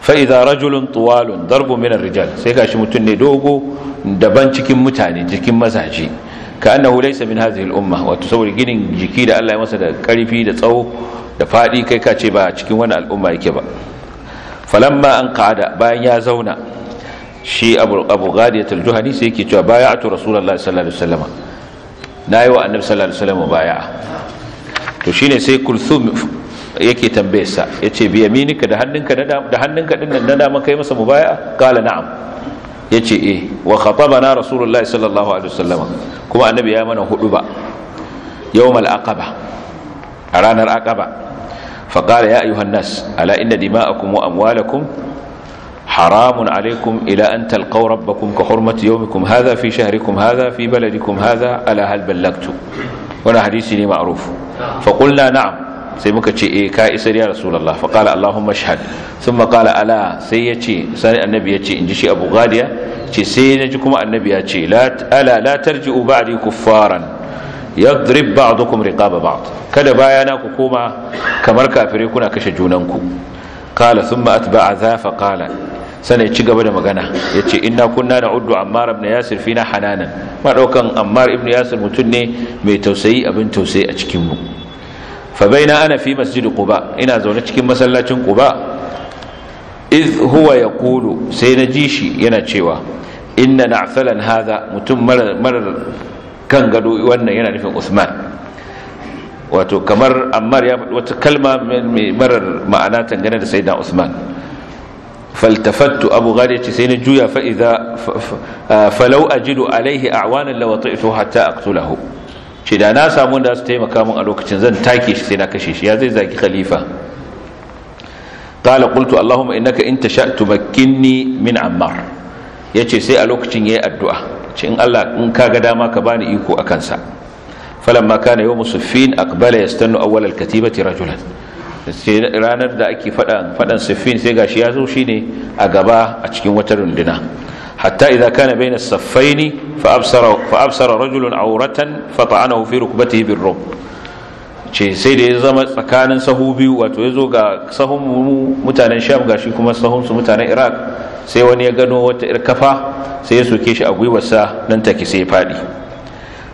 [SPEAKER 1] fa'iza rajulun tuwalun darbu minar rijal sai gashi mutum ne dogo daban cikin mutane cikin mazaje ka annahu laysa min hadhihi al-umma wato saboda ginin jiki da Allah ya masa da karfi da tsawo da fadi kai ka ce ba cikin wani al'umma yake ba falamma an qa'ada bayan ya zauna shi abu abu ghadiyat al-juhani sai yake cewa bay'atu rasulullahi sallallahu alaihi wasallam nayi wa annabi sallallahu alaihi wasallam bay'a to shine sai kulthum yake tambayarsa yace bi yaminika da hannunka da hannunka din nan da dama kai masa mubaya'a qala na'am ce eh wa na rasulullahi sallallahu alaihi wasallam kuma annabi ya mana hudu ba yawmal aqaba a ranar aqaba fa qala ya ayuha nas ala inna dima'akum wa amwalakum haramun alaikum ila an talqaw rabbakum ka hurmati yawmikum hadha fi shahrikum hadha fi baladikum hadha ala hal ballagtu wannan hadisi ne ma'ruf fa qulna na'am sai muka ce eh ka isa ya rasulullah fa qala allahumma shahad. thumma qala ala sai yace sai annabi yace in ji shi abu gadiya ce sai naji kuma annabi ya ce la ala la tarji'u ba'di kuffaran yadrib ba'dukum riqaba ba'd kada bayana ku koma kamar kafire kuna kashe junanku qala thumma atba'a za fa qala sanai ci gaba da magana ya ce inna kunna na uddu ammar ibn yasir fina hananan maɗaukan amma ammar ibn yasir mutum ne mai tausayi abin tausayi a cikinmu fa ana fi masjid quba ina zaune cikin masallacin quba iz huwa yaqulu sai na ji shi yana cewa inna na'falan hadha mutum marar kan gado wannan yana nufin Usman wato kamar Ammar ya faɗi wata kalma marar ma'ana tangane da sayyidina Usman faltafattu Abu Ghali ce sai na juya fa falau ajidu alaihi a'wanan ito hatta aqtulahu ce da na samu da su taimaka min a lokacin zan take shi sai na kashe shi ya zai zaki khalifa qala qultu allahumma innaka in tasha tumakkinni min ammar yace sai a lokacin yayi addu'a ce in Allah in ka ga dama ka bani iko akan sa falamma kana yawm suffin aqbala yastanu awwal alkatibati katibati rajulan ranar da ake fadan fadan suffin sai gashi ya zo shine a gaba a cikin wata runduna hatta idza kana bayna as-saffaini fa absara fa absara rajulun awratan fa ta'anahu fi yi birrub ce sai da ya zama tsakanin sahu biyu wato ya zo ga sahun mutanen sham gashi kuma sahun su mutanen iraq sai wani ya gano wata kafa sai ya soke shi a gwiwarsa nan take sai ya faɗi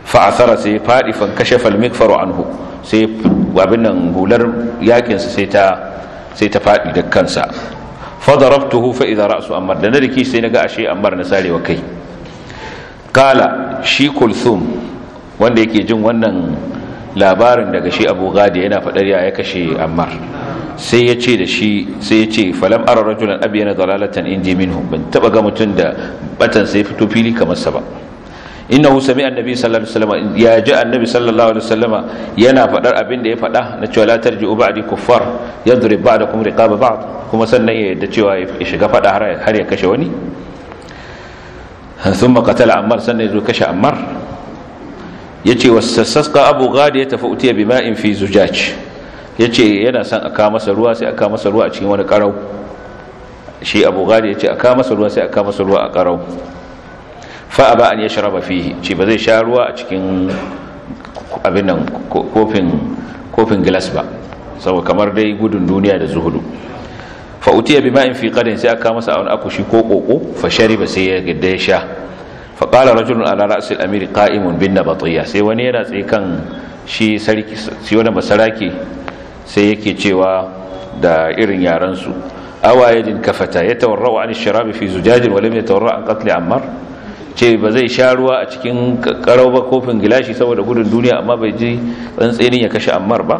[SPEAKER 1] fa'asara sai ya fadi fan kashe falmik faro anhu sai abin nan hular yakinsa sai ta faɗi da kansa fadarabtuhu fa idza ra'su ammar da na dake sai naga ashe amar na sarewa kai kala shi kulthum wanda yake jin wannan labarin daga shi abu gadi yana faɗar ya ya kashe amar sai ya ce da shi sai ya ce falam ara rajulan abiyana dalalatan indi minhum ban taba ga mutum da batan sai fito fili kamar sa ba innahu sami annabi sallallahu alaihi wasallam ya ji annabi sallallahu alaihi wasallam yana faɗar abin da ya faɗa, na cewa la tarji'u ba'di kuffar yadrib ba'dakum riqaba ba'd kuma sannan ya yadda cewa ya shiga faɗa har ya kashe wani thumma qatala ammar sannan ya zo kashe ammar yace wasasqa abu gadi ya tafi utiya bima'in fi zujaj ce yana son a aka masa ruwa sai aka masa ruwa a cikin wani karau shi abu gadi ghadi yace aka masa ruwa sai aka masa ruwa a karau fa aba an yashraba fihi ce ba zai sha ruwa a cikin abin nan kofin kofin ba saboda kamar dai gudun duniya da zuhudu fa utiya bima in fi qadin sai aka masa wani akushi ko koko fa ba sai ya gidda ya sha fa qala rajulun ala ra'si al-amir qa'imun bin nabatiyya sai wani yana tsaye kan shi sarki wani masaraki sai yake cewa da irin yaran su awayadin kafata yatawarra'u an ash fi zujajin wa lam yatawarra'u an qatl amar. ce ba zai sha ruwa a cikin karau ba kofin gilashi saboda gudun duniya amma bai ji tsantsenin ya kashe ammar ba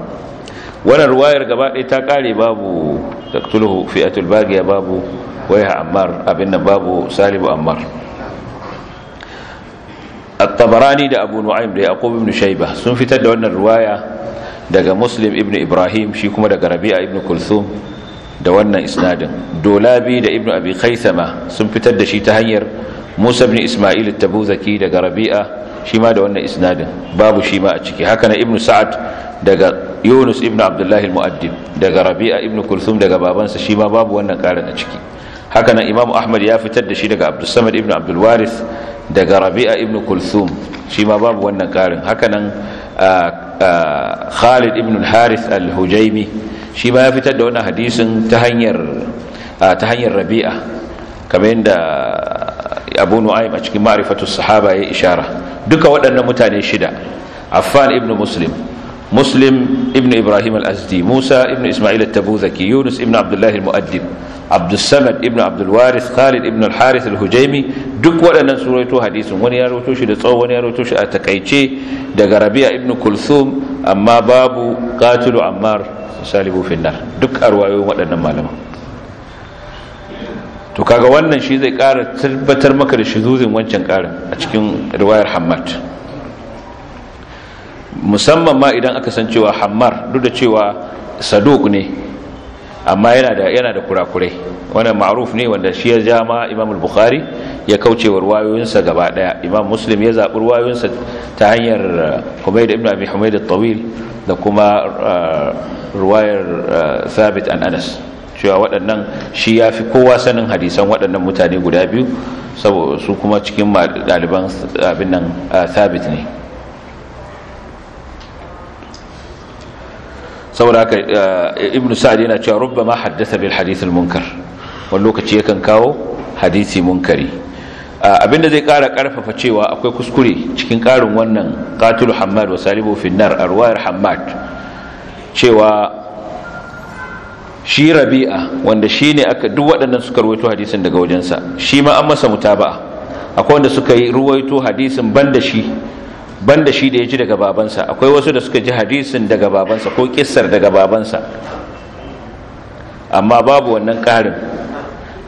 [SPEAKER 1] wannan ruwayar gaba ɗaya ta ƙare babu taktuluhu fiyatul bagiya babu waya ammar abin nan babu salibu ammar at-tabarani da abu nu'aym da yaqub ibn shayba sun fitar da wannan ruwaya daga muslim ibn ibrahim shi kuma daga rabi'a ibn kulthum da wannan isnadin dolabi da ibn abi khaisama sun fitar da shi ta hanyar Musa bin Isma'il at-Tabuzaki daga Rabi'a shi ma da wannan isnadin babu shi ma a ciki haka na Ibn Sa'ad daga Yunus Ibnu Abdullahi al-Mu'addib daga Rabi'a Ibnu Kulthum daga babansa shi ma babu wannan karin a ciki haka nan Imam Ahmad ya fitar da shi daga Abdul Ibnu ibn Abdul Warith daga Rabi'a Ibnu Kulthum shi ma babu wannan karin haka nan Khalid Ibnu al-Harith al-Hujaimi shi ma ya fitar da wannan hadisin ta hanyar ta hanyar Rabi'a kamar yadda abu nu'aym a cikin ma'rifatu sahaba ya ishara duka waɗannan mutane shida affan ibnu muslim muslim ibnu ibrahim al-azdi musa ibnu isma'il at-tabuzaki yunus ibnu abdullahi al-mu'addib abdus samad ibnu abdulwaris khalid ibnu al-harith al-hujaimi duk waɗannan sun rawaito hadisin wani ya rawaito shi da tsawo wani ya rawaito shi a takaice daga rabi'a ibnu kulthum amma babu qatilu ammar salibu finnar duk arwayoyin waɗannan malaman to kaga wannan shi zai kara tabbatar maka da shizuzin wancan ƙarin a cikin riwayar hammad musamman ma idan aka san cewa hammar duk da cewa saduk ne amma yana da yana da kurakurai wannan ma'ruf ne wanda shi ya ja ma imam al-bukhari ya kauce wa ruwayoyinsa gaba daya imam muslim ya zabi ruwayoyinsa ta hanyar uh, humayd ibn abi humayd at-tawil da kuma uh, ruwayar uh, thabit an anas cewa waɗannan shi ya fi kowa sanin hadisan waɗannan mutane guda biyu saboda su kuma cikin ɗaliban abin nan sabit ne saboda haka ibn sa'ad yana cewa rubba ma haddasa bil hadith al munkar wani lokaci yakan kawo hadisi munkari abinda zai kara karfafa cewa akwai kuskure cikin karin wannan qatul hammad wa salibu finnar arwayar hammad cewa shi rabi'a wanda shi ne aka duk waɗannan suka ruwaito hadisin daga wajensa shi ma an masa mutaba'a akwai wanda suka yi ruwaito hadisin banda shi banda shi da ya ji daga babansa akwai wasu da suka ji hadisin daga babansa ko kissar daga babansa amma babu wannan ƙarin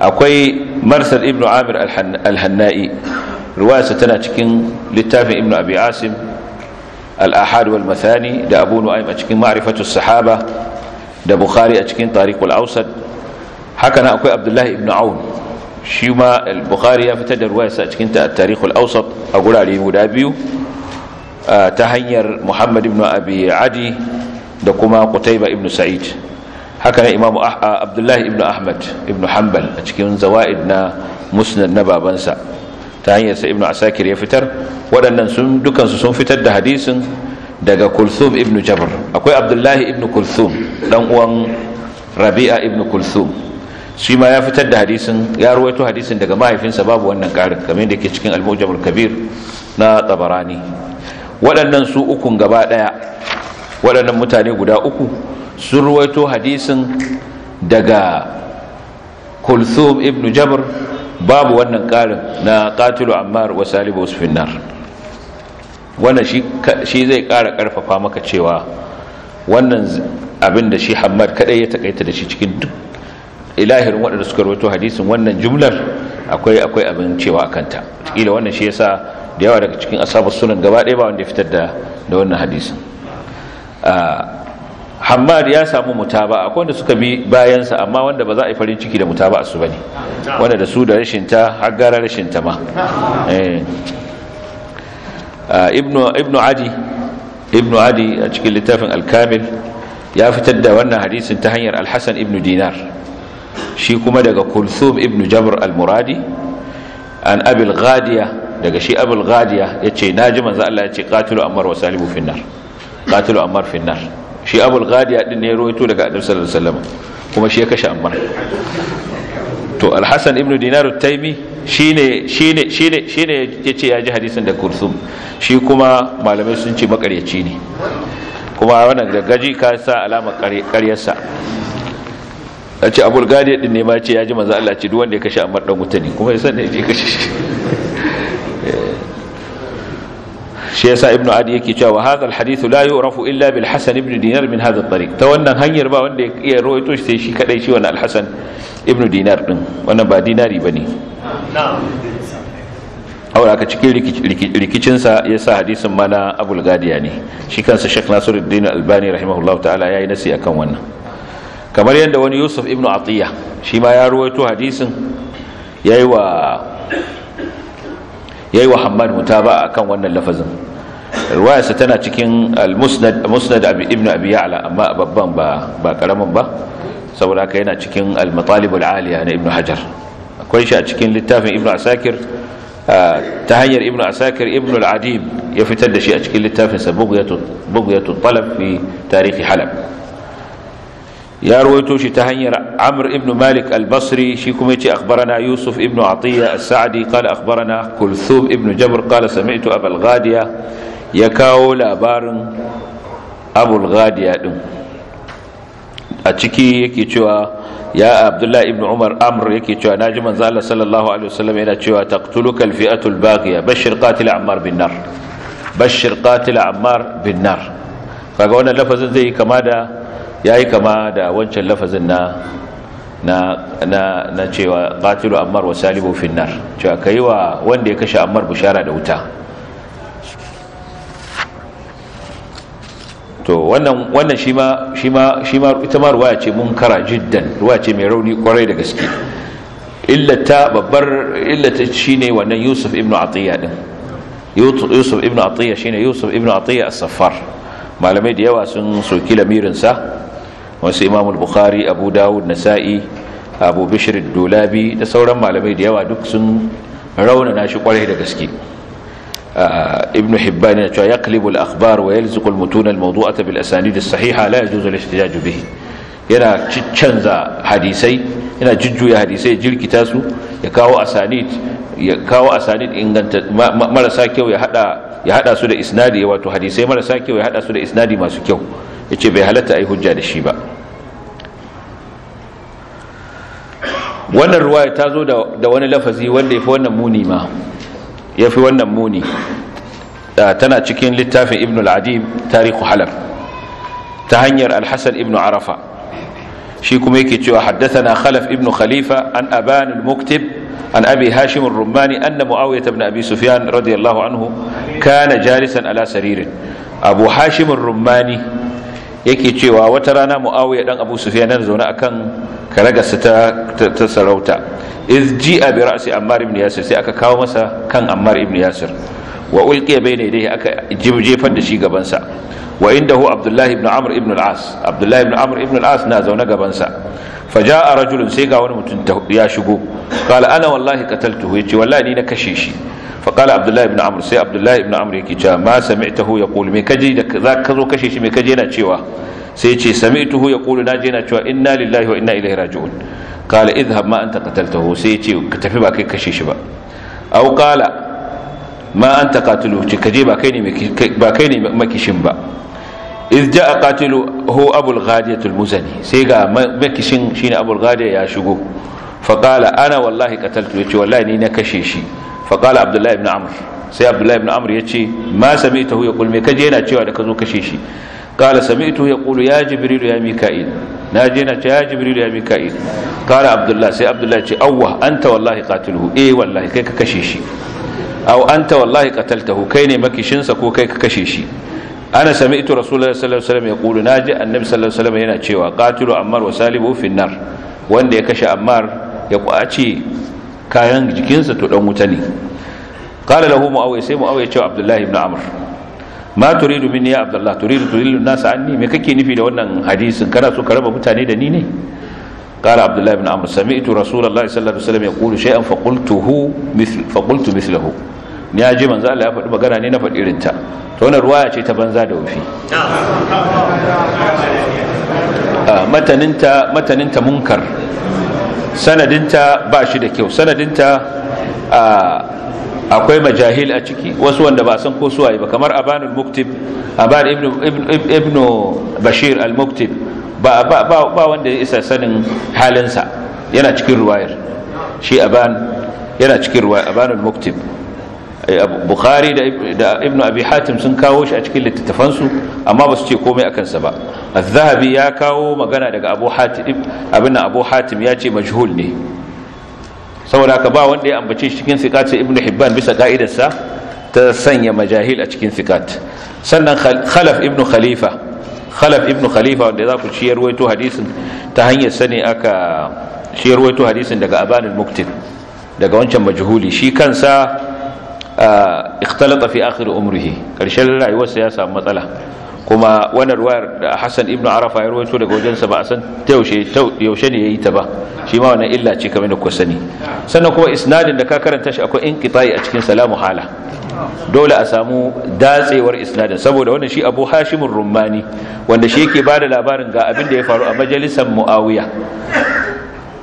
[SPEAKER 1] akwai marsal ibnu amir alhanna'i ruwayarsa tana cikin littafin ibnu abi asim al-ahad wal mathani da abu nu'aym a cikin ma'rifatu sahaba da bukhari a cikin tarikul ausad haka na akwai abdullahi ibn aun shi ma bukhari ya fitar da ruwayarsa a cikin tarikul ausad a gurare guda biyu ta hanyar muhammad ibn abi adi da kuma qutayba ibn sa'id haka na imamu ah, abdullahi ibn ahmad ibn hanbal a cikin zawaid na musnad na babansa ta hanyar sa ibn asakir ya fitar waɗannan sun dukansu sun fitar da hadisin daga kulsum ibn jabr akwai abdullahi ibn kulsum dan uwan rabi'a ibn kulsum shi ma ya fitar da hadisin ya ruwaito hadisin daga mahaifinsa babu wannan karin kamar da ke cikin al-mujamul kabir na tabarani waɗannan su ukun gaba ɗaya waɗannan mutane guda uku sun ruwaito hadisin daga kulsum ibn jabr babu wannan karin na qatilu ammar wa salibu usfinnar wannan shi zai kara karfafa maka cewa wannan abin da shi hamad kadai ya takaita da shi cikin duk ilahirin waɗanda suka rawaito hadisin wannan jumlar akwai akwai abin cewa kanta kila wannan shi yasa da yawa daga cikin asabar sunan gaba ɗaya ba wanda ya fitar da da wannan hadisin Hamad ya samu mutaba akwai wanda suka bi bayansa amma wanda ba za a yi farin ciki da mutaba su ne, wanda da su da rashin ta har gara rashin ma eh. ibnu adi ibnu adi a cikin littafin alkamil ya fitar da wannan hadisin ta hanyar alhassan ibnu dinar shi kuma daga kulthum ibnu jabr al-muradi an abil ghadiya daga shi abul ghadiya na ji manzo Allah ya ce qatilu ammar wa salibu finnar qatilu ammar finnar shi abul ghadiya din ne ruwaito daga annabi sallallahu alaihi wasallam kuma shi ya kashe ammar to al-hasan ibnu dinar at-taymi Shi ne ya ce ya ji hadisin da kursum shi kuma malamai sun ce makaryaci ne kuma wannan gaggaji ka sa alamar karyarsa a ce abul gadi din ne ma ce ya ji manzo Allah ce duk wanda ya kashe amma dan wuta ne kuma san ne ya kashe shi [LAUGHS] shi sa ibnu adi yake cewa hadha alhadith la yu'rafu illa bil hasan ibn dinar min hadha at ta wannan hanyar ba wanda ya rawaito shi sai shi kadai shi wannan al-hasan ibn dinar din wannan ba dinari ba ne. haura ka cikin rikicinsa ya sa hadisin mana abul gadiya ne shi kansa shek nasiruddin albani rahimahullahu ta'ala ya yi nasi akan wannan kamar yadda wani yusuf ibn atiya shi ma ya ruwaito hadisin ya yi wa hamad mutaba a kan wannan lafazin ruwayarsa tana cikin musnad ibn abi ya'la amma babban ba karamin ba saboda haka yana cikin al aliya na ibn hajar akwai shi a cikin littafin ibnu asakir ta hanyar ibnu asakir ibnu al ya fitar da shi a cikin littafin sa bughyatu talab fi tarihi halab ya ruwaito shi ta hanyar amr ibn malik al-basri shi kuma yace akhbarana yusuf ibn atiya as-sa'di qala akhbarana kulthum ibn jabr qala sami'tu abul ghadiya ya kawo labarin abul ghadiya din a ciki yake cewa ya abdullahi ibn umar amr yake cewa naji manzo Allah sallallahu alaihi wasallam yana cewa taqtuluka alfi'atu albaghiya bashir qatil ammar bin nar bashir qatil ammar bin nar kaga wannan lafazin zai kama da yayi kama da wancan lafazin na na na na cewa qatilu ammar wa salibu fin nar cewa kaiwa wanda ya kashe ammar bushara da wuta to wannan wannan shi ma shi ita ma ruwa ce munkara jiddan ruwa ce mai rauni kwarai da gaske illata babbar illata shine wannan Yusuf ibn Atiyya din Yusuf ibn Atiyya ne Yusuf ibn Atiyya as malamai da yawa sun soki lamirin sa wasu Imam al-Bukhari Abu Dawud Nasa'i Abu Bishr ad-Dulabi da sauran malamai da yawa duk sun raunana shi kwarai da gaske ibn hibban yana cewa yaqlibu al-akhbar wa yalziqu al-mutun al-mawdu'ata bil asanid sahiha la yajuzu al yana canza hadisai yana jujjuya hadisai jirkita su ya kawo asanid ya kawo asanid inganta marasa kyau ya hada ya hada su da isnadi wato hadisai marasa kyau ya hada su da isnadi masu kyau yace bai halatta ai hujja da shi ba wannan ruwaya ta zo da wani lafazi wanda ya fi wannan muni ma ya fi wannan muni ah, tana cikin littafin ibn al-adib tarihu halab ta hanyar al hassan ibn arafa shi kuma yake cewa haddathana khalaf ibn khalifa an aban al-muktib an abi hashim ar-rumani anna muawiyah ibn abi sufyan radiyallahu anhu kana jalisan ala saririn abu hashim ar-rumani yake cewa wata rana muawiya dan abu sufyan yana zaune akan karagarsa ta sarauta iz ji'a bi ra'si ammar ibn yasir sai aka kawo masa kan ammar ibn yasir wa ulqiya bayna yadayhi aka jefar da shi gaban sa wa indahu Abdullahi ibn amr ibn al-as Abdullahi ibn amr ibn al-as na zaune gaban sa faja'a rajulun sai ga wani mutum ya shigo qala ana wallahi qataltuhu yace wallahi ni na kashe shi فقال عبد الله بن عمرو سي عبد الله بن عمرو يكي ما سمعته يقول مي كجي ذاك كزو كشي شي مي كجي yana cewa sai ce sami'tuhu yaqulu naji yana cewa inna lillahi wa inna ilaihi raji'un qala idhhab ma anta qataltahu sai ce ka tafi ba kai kashe shi ba aw qala ma anta qatilu ce kaje ba kai ne ba kai ne makishin ba iz ja'a qatiluhu abul ghadiyah al muzani sai ga makishin shine abul ghadiyah ya shigo fa qala ana wallahi qataltu yace wallahi ni na kashe shi fa qala abdullahi ibn amr sai abdullahi ibn amr yace ma sami'tahu yaqul me kaje yana cewa da ka zo kashe shi قال سمعته يقول يا جبريل يا ميكائيل ناجينا يا جبريل يا ميكائيل قال عبد الله سي عبد الله يقول أوه أنت والله قاتله إيه والله كيك كشيشي أو أنت والله قتلته كيني مكي شنسك وكيك كشيشي أنا سمعت رسول الله صلى الله عليه وسلم يقول ناجي النبي صلى الله عليه وسلم هنا تشيوا قاتل أمار وسالبه في النار وأن يكشى أمار يقول أتشي كاين جكينسة تلومتني قال له مؤوي سي مؤوي تشيوا عبد الله بن عمرو ma turidu minni ya abdullah turidu turidu nasa anni me kake nufi da wannan hadisin kana so ka raba mutane da ni ne قال عبد الله بن Sam'itu سمعت رسول الله صلى الله عليه وسلم يقول شيئا فقلته مثل فقلت مثله ni aje manzo Allah ya faɗi magana ne na faɗi irin ta to wannan ruwaya ce ta banza da wufi ah, mataninta mataninta munkar sanadinta ba shi da kyau sanadinta ah, akwai majahil a ciki wasu wanda ba san ko suwaye ba kamar aban al-muktib aban ibnu bashir al-muktib ba ba wanda ya isa sanin halinsa yana cikin ruwayar shi aban yana cikin ruwayar aban al-muktib eh, bukhari da Ibnu abi hatim sun kawo shi a cikin littattafansu amma ba su ce komai akan sa ba az-zahabi ya kawo magana daga abu hatim abin abu hatim ya ce majhul ne saboda ka ba wanda ya ambace shi cikin sikat sai ibnu hibban bisa ka'idarsa ta sanya majahil a cikin sikat sannan khalaf ibnu khalifa khalaf ibnu khalifa wanda za ku ciyar waito hadisin ta hanyar sani aka ciyar waito hadisin daga al muktil daga wancan majhuli shi kansa ah, ikhtalata fi akhir umrihi karshen rayuwarsa ya samu matsala kuma wannan ruwayar da Hassan ibn Arafa ya rawaito daga wajensa ba a san taushe yaushe ne yayi ta ba shi ma wannan illa ce kamar da ku sani sannan kuma isnadin da ka karanta shi akwai inqita'i a cikin salamu hala dole a samu datsewar isnadin saboda wannan shi Abu Hashim rummani wanda shi yake bada labarin ga abin da ya faru a majalisar Muawiya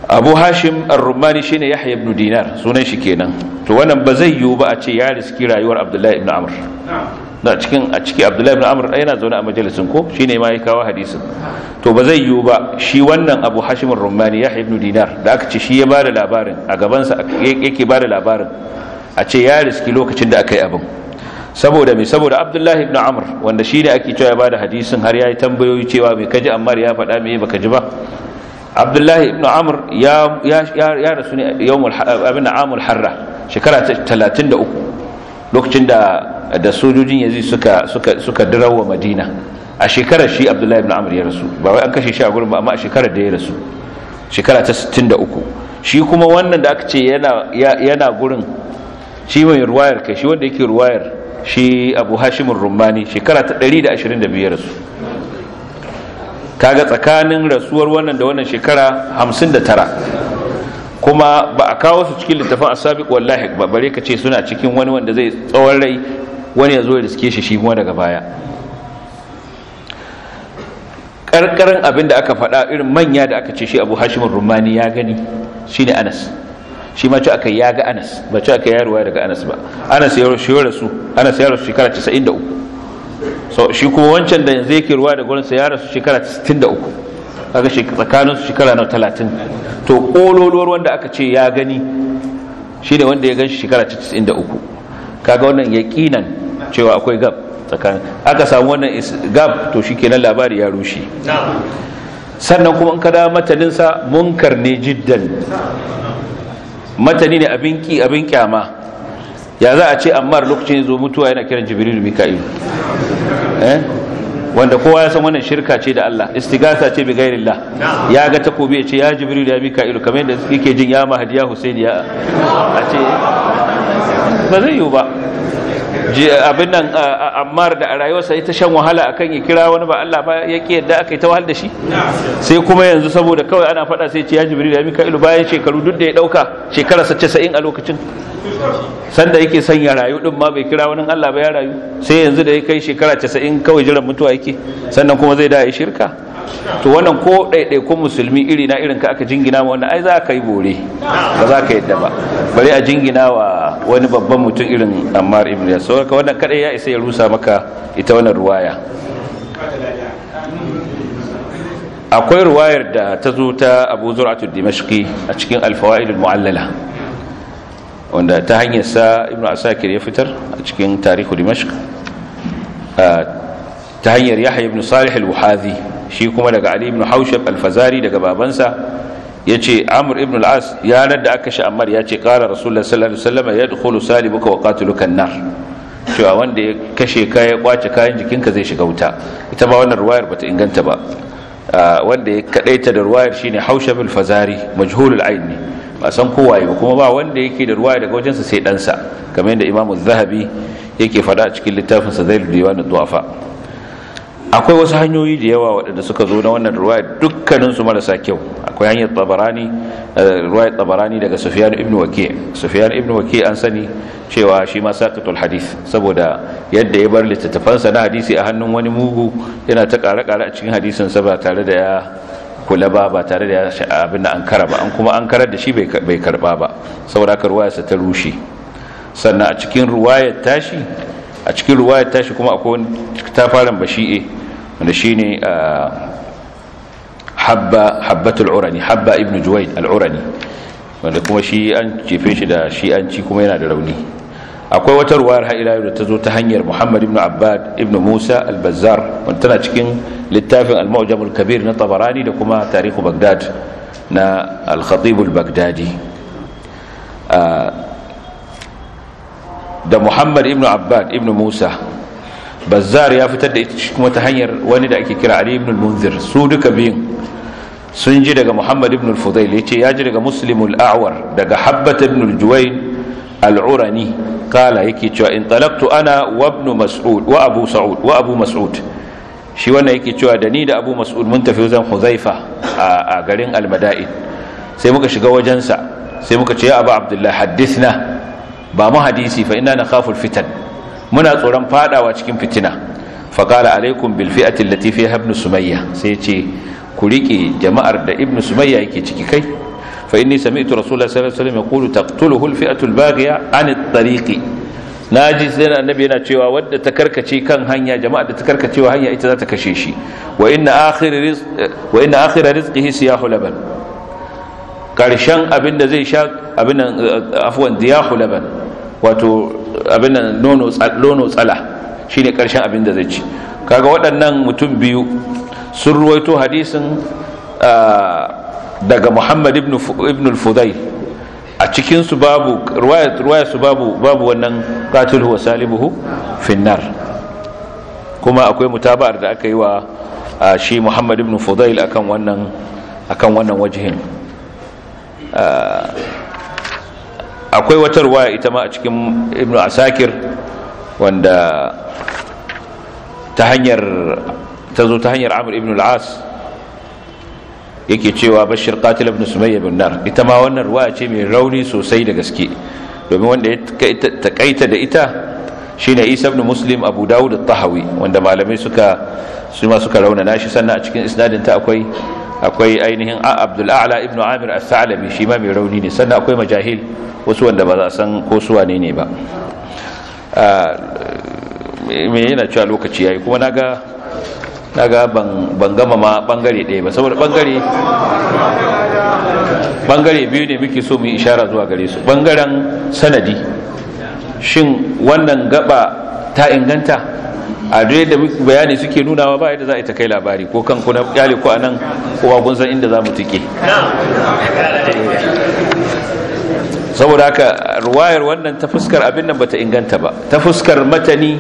[SPEAKER 1] Abu Hashim ar-Rummani shine Yahya ibn Dinar sunan shi kenan to wannan ba zai yiwu ba a ce ya riski rayuwar Abdullahi ibn Amr na cikin a ciki abdullahi ibn amr yana zaune a majalisin ko shine ma ya kawo hadisin to ba zai yiwu ba shi wannan abu hashim rumani ya ibn dinar da aka ce shi ya bada labarin a gabansa yake bada labarin a ce ya riski lokacin da aka yi abin saboda mai saboda abdullahi ibn amr wanda shi ne ake cewa ya bada hadisin har ya yi tambayoyi cewa mai kaji amma ya faɗa me baka ji ba abdullahi ibn amr ya rasu ne yawon abin amul harra shekara ta 33 lokacin da da sojojin yanzu suka suka suka dirawa madina a shekarar shi abdullahi ibn amr ya rasu ba wai an kashe shi a gurin ba amma a shekarar da ya rasu shekara ta 63 shi kuma wannan da aka ce yana yana gurin shi mai ruwayar kai shi wanda yake ruwayar shi abu hashimin rumani shekara ta 125 ya rasu kaga tsakanin rasuwar wannan da wannan shekara 59 kuma ba a kawo su cikin littafin asabiq wallahi ba bare ka ce suna cikin wani wanda zai tsawon rai wani ya zo ya riske shi shi kuma daga baya karkarin abin da aka faɗa irin manya da aka ce shi abu hashimin rumani ya gani shi ne anas shi ma ci aka ya ga anas ba ci aka yaruwa daga anas ba anas ya rasu ya rasu anas ya rasu shekara 93 so shi kuma wancan da yanzu ke ruwa da gwaninsa ya rasu shekara 63 kaga tsakanin su shekara na 30 to kololuwar wanda aka ce ya gani shi ne wanda ya gan shi shekara 93 kaga wannan yaƙinan cewa akwai gab tsakanin aka samu wannan gab to shi kenan labari ya rushe sannan kuma in kada mataninsa munkar ne jiddan matani ne abin ki abin kyama ya za a ce ammar lokacin ya zo mutuwa yana kiran jibril mika'ilu eh? wanda kowa ya san wannan shirka ce da Allah istighatha ce bi ghairillah ya ga takobi ya ce ya jibril ya mika'il kamar yadda yake jin ya mahdi ya husaini ya a ce ba zai yi ba Eh, abin nan eh, eh, amma da a sai ta shan wahala akan ya kira wani ba Allah ba ya ki yadda aka yi ta wahal da shi sai kuma yanzu saboda kawai ana faɗa sai ce ya jibril ya ilu bayan shekaru duk da ya ɗauka shekara sace casa'in a lokacin sanda yake sanya ya rayu din ma bai kira wani Allah ba ya rayu sai yanzu da ya kai shekara casa'in kawai jiran mutuwa yake sannan kuma zai da ya shirka to wannan ko ko musulmi iri na irin ka aka jingina ma wannan ai za ka yi bore ba za ka yadda ba bari a jingina wa wani babban mutum irin ammar ibn yasir ka wannan kadai ya isa ya rusa maka ita wannan ruwaya akwai ruwayar da ta zo ta abu zur'atu dimashqi a cikin al al-mu'allala wanda ta hanyar sa ibn asakir ya fitar a cikin tarihu dimashki ta hanyar yahya ibn salih al shi kuma daga ali ibn haushab al-fazari daga babansa ya ce amur ibn al-as ya da aka shi ammar ya ce kara rasulullah sallallahu alaihi wasallam ya dukulu salibuka wa katulukan nar cewa wanda ya kashe kaya ya kwace kayan jikinka zai shiga wuta ita ba wannan ruwayar bata inganta ba wanda ya kadaita da ruwayar shine mil fazari majhulul aini ba san kowaye ba kuma ba wanda yake da ruwaya daga wajensa sai ɗansa kamar da imamu zahabi yake faɗa a cikin littafinsa zailul diwan ad fa. akwai wasu hanyoyi da yawa waɗanda suka zo na wannan ruwaya dukkaninsu marasa kyau akwai hanyar tabarani eh, ruwayar tabarani daga sufiyan ibn waki sufiyan ibn waki an sani cewa shi ma saqitul hadith saboda yadda ya bar littattafansa na hadisi a hannun wani mugu yana ta ƙare ƙare a cikin hadisin sa ba tare da ya kula ba ba tare da abin da an kara ba an kuma an karar da shi bai karba ba saboda haka ruwayarsa ta rushe sannan a cikin ruwayar tashi a cikin ruwaya tashi kuma akwai ta faran bashi'e wanda shine ah, habba habbatul urani habba ibn juwayd alurani urani wanda kuma shi an jefe shi da shi an ci kuma yana da rauni akwai wata ruwayar ha'ila da ta zo ta hanyar muhammad ibn abbad ibn musa al-bazzar wanda tana cikin littafin al-mu'jam al-kabir na tabarani da kuma tarihu bagdad na al-khatib al-bagdadi ah, da muhammad ibn abbad ibn musa bazzar ya fitar da ita kuma ta hanyar wani da ake kira ali ibn munzir su duka biyun sun ji daga muhammad ibn al ya ce ya ji daga muslim awar daga habbat ibn al-juwayn kala yake cewa in talaqtu ana wa mas'ud wa abu sa'ud wa abu mas'ud shi wannan yake cewa da ni da abu mas'ud mun tafi wajen huzaifa a garin al-mada'in sai muka shiga wajensa sai muka ce ya abu abdullahi hadithna ba mu hadisi fa inna nakhafu fitan muna tsoron fadawa cikin fitina fa qala alaikum bil fi'ati allati fiha ibn sumayya sai ce ku rike jama'ar da ibn sumayya yake ciki kai fa inni sami'tu rasulullahi sallallahu alaihi wasallam yaqulu taqtuluhu al fi'atu an at tariqi naji sai annabi yana cewa wadda ta karkace kan hanya jama'a da ta karkacewa hanya ita za ta kashe shi wa inna akhir rizq wa inna akhir rizqihi siyahu laban Karshen abin da zai sha abin eh, eh, afuwan diyahu laban wato abin nan nono tsala shine karshen abin da zai ci kaga waɗannan mutum biyu sun ruwaito hadisin ah, daga muhammad ibn al-fudayl a cikinsu babu ruwaya su babu babu wannan qatil huwa salibuhu finnar kuma akwai mutaba'ar da aka yi wa ah, shi muhammad ibn fudail akan akan wannan wajihin Uh, akwai wata ruwaya ita ma a cikin ibn asakir wanda ta hanyar ta zo ta hanyar amur ibn al'as yake cewa bashir katila ibn sumayya bin nar ita ma wannan ruwaya ce mai rauni sosai da gaske domin wanda ya takaita da ita shine isa ibn muslim abu dawud at-tahawi wanda malamai suka su suka rauna shi sannan a cikin isnadin ta akwai akwai ainihin abdul a'la ibnu amir al-thalabi shi ma mai rauni ne sannan akwai majahil wasu wanda ba za san ko su wane ne ba me yana cewa lokaci yayi kuma naga naga ban ban gama ma bangare ɗaya ba saboda bangare bangare biyu ne muke so mu yi ishara zuwa gare su bangaren sanadi shin wannan gaba ta inganta a duk da bayani suke nunawa ba yadda za a ta kai labari ko kan kuna kyale ko anan kowa kun san inda za mu tike saboda haka ruwayar wannan ta fuskar abin nan bata inganta ba ta fuskar matani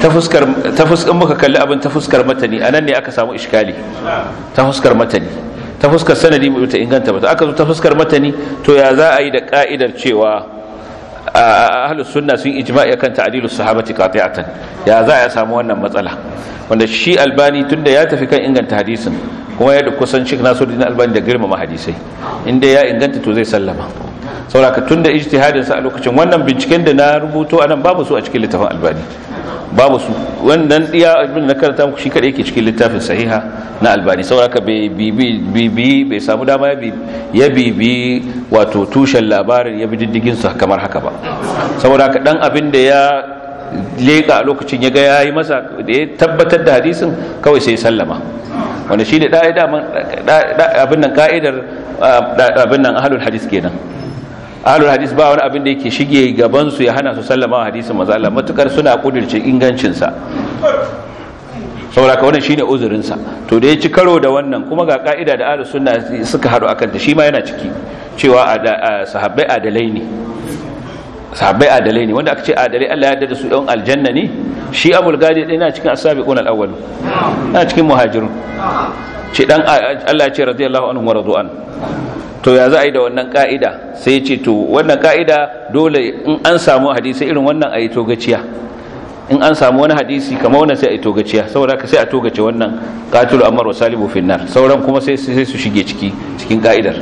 [SPEAKER 1] ta fuskar ta fuskar muka kalli abin ta fuskar matani anan ne aka samu iskali ta fuskar matani ta fuskar sanadi bata inganta ba aka zo ta fuskar matani to ya za a yi da ka'idar cewa ahlus sunna sun ijma'i kan ta'dilus sahabati qati'atan ya za ya samu wannan matsala wanda shi albani tunda ya tafi kan inganta hadisin kuma ya da kusan shi nasiruddin albani da girmama hadisai inda ya inganta to zai sallama sauraka tun da ijtihadin sa a lokacin wannan binciken da na rubuto nan babu su a cikin littafin albani babu su wannan iya abin na karanta muku shi kadai yake cikin littafin sahiha na albani sauraka bai bibi bai samu dama ya bibi wato tushen labarin ya bi diddigin su kamar haka ba saboda ka dan abin da ya leka a lokacin ya ga ya yi masa da ya tabbatar da hadisin kawai sai sallama wanda shi da abin nan ka'idar abin nan ahalul hadis kenan ahlul hadis ba wani abin da yake shige gaban su ya hana su sallama hadisin manzo Allah matukar suna kudirce ingancin sa saboda ka wannan shine uzurin sa to da ya ci karo da wannan kuma ga ka'ida da ahlus sunna suka hadu akan ta shi ma yana ciki cewa sahabbai adalai ne wanda aka ce adalai Allah ya yarda da su ɗan aljanna ne shi abul gadi ɗaya na cikin asabiqun al-awwal na cikin muhajirun ce dan Allah ya ce radiyallahu anhu wa radu'an to ya za a yi da wannan ka'ida sai ya ce to wannan ka'ida dole in an samu hadisi irin wannan a yi togaciya in an samu wani hadisi kamar wannan sai a yi togaciya saboda ka sai a togace wannan qatilu amar wa salibu finnar sauran kuma sai sai su shige ciki cikin ka'idar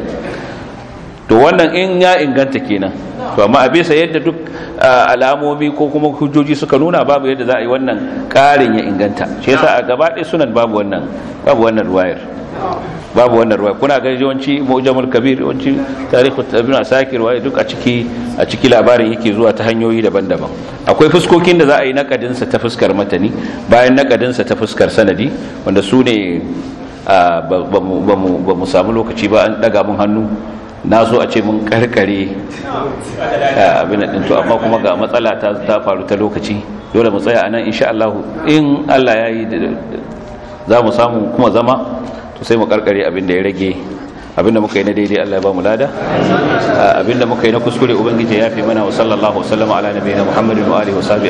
[SPEAKER 1] to wannan in ya inganta kenan to amma a bisa yadda duk alamomi ko kuma hujjoji suka nuna babu yadda za a yi wannan ƙarin ya inganta shi yasa a gaba ɗaya sunan babu wannan babu wannan ruwayar babu wannan ruwayar kuna ga yawanci mu'jamul kabir yawanci tarihu ibn sakir wa duk a ciki a ciki labarin yake zuwa ta hanyoyi daban-daban akwai fuskokin da za a yi nakadin sa ta fuskar matani bayan nakadin sa ta fuskar sanadi wanda su ne ba mu samu lokaci ba an daga mun hannu na so a ce mun karkare [LAUGHS] ah, abin da to amma kuma ga matsala ta ta faru ta lokaci dole mu tsaya anan insha Allah in Allah ya yi za mu samu kuma zama to sai mu karkare abin da ya rage abin da muka yi na daidai Allah ya ba mu lada ah, abin da muka yi na kuskure ubangiji ya fi mana wa sallallahu wasallama ala nabiyina muhammadin wa alihi wa sahbihi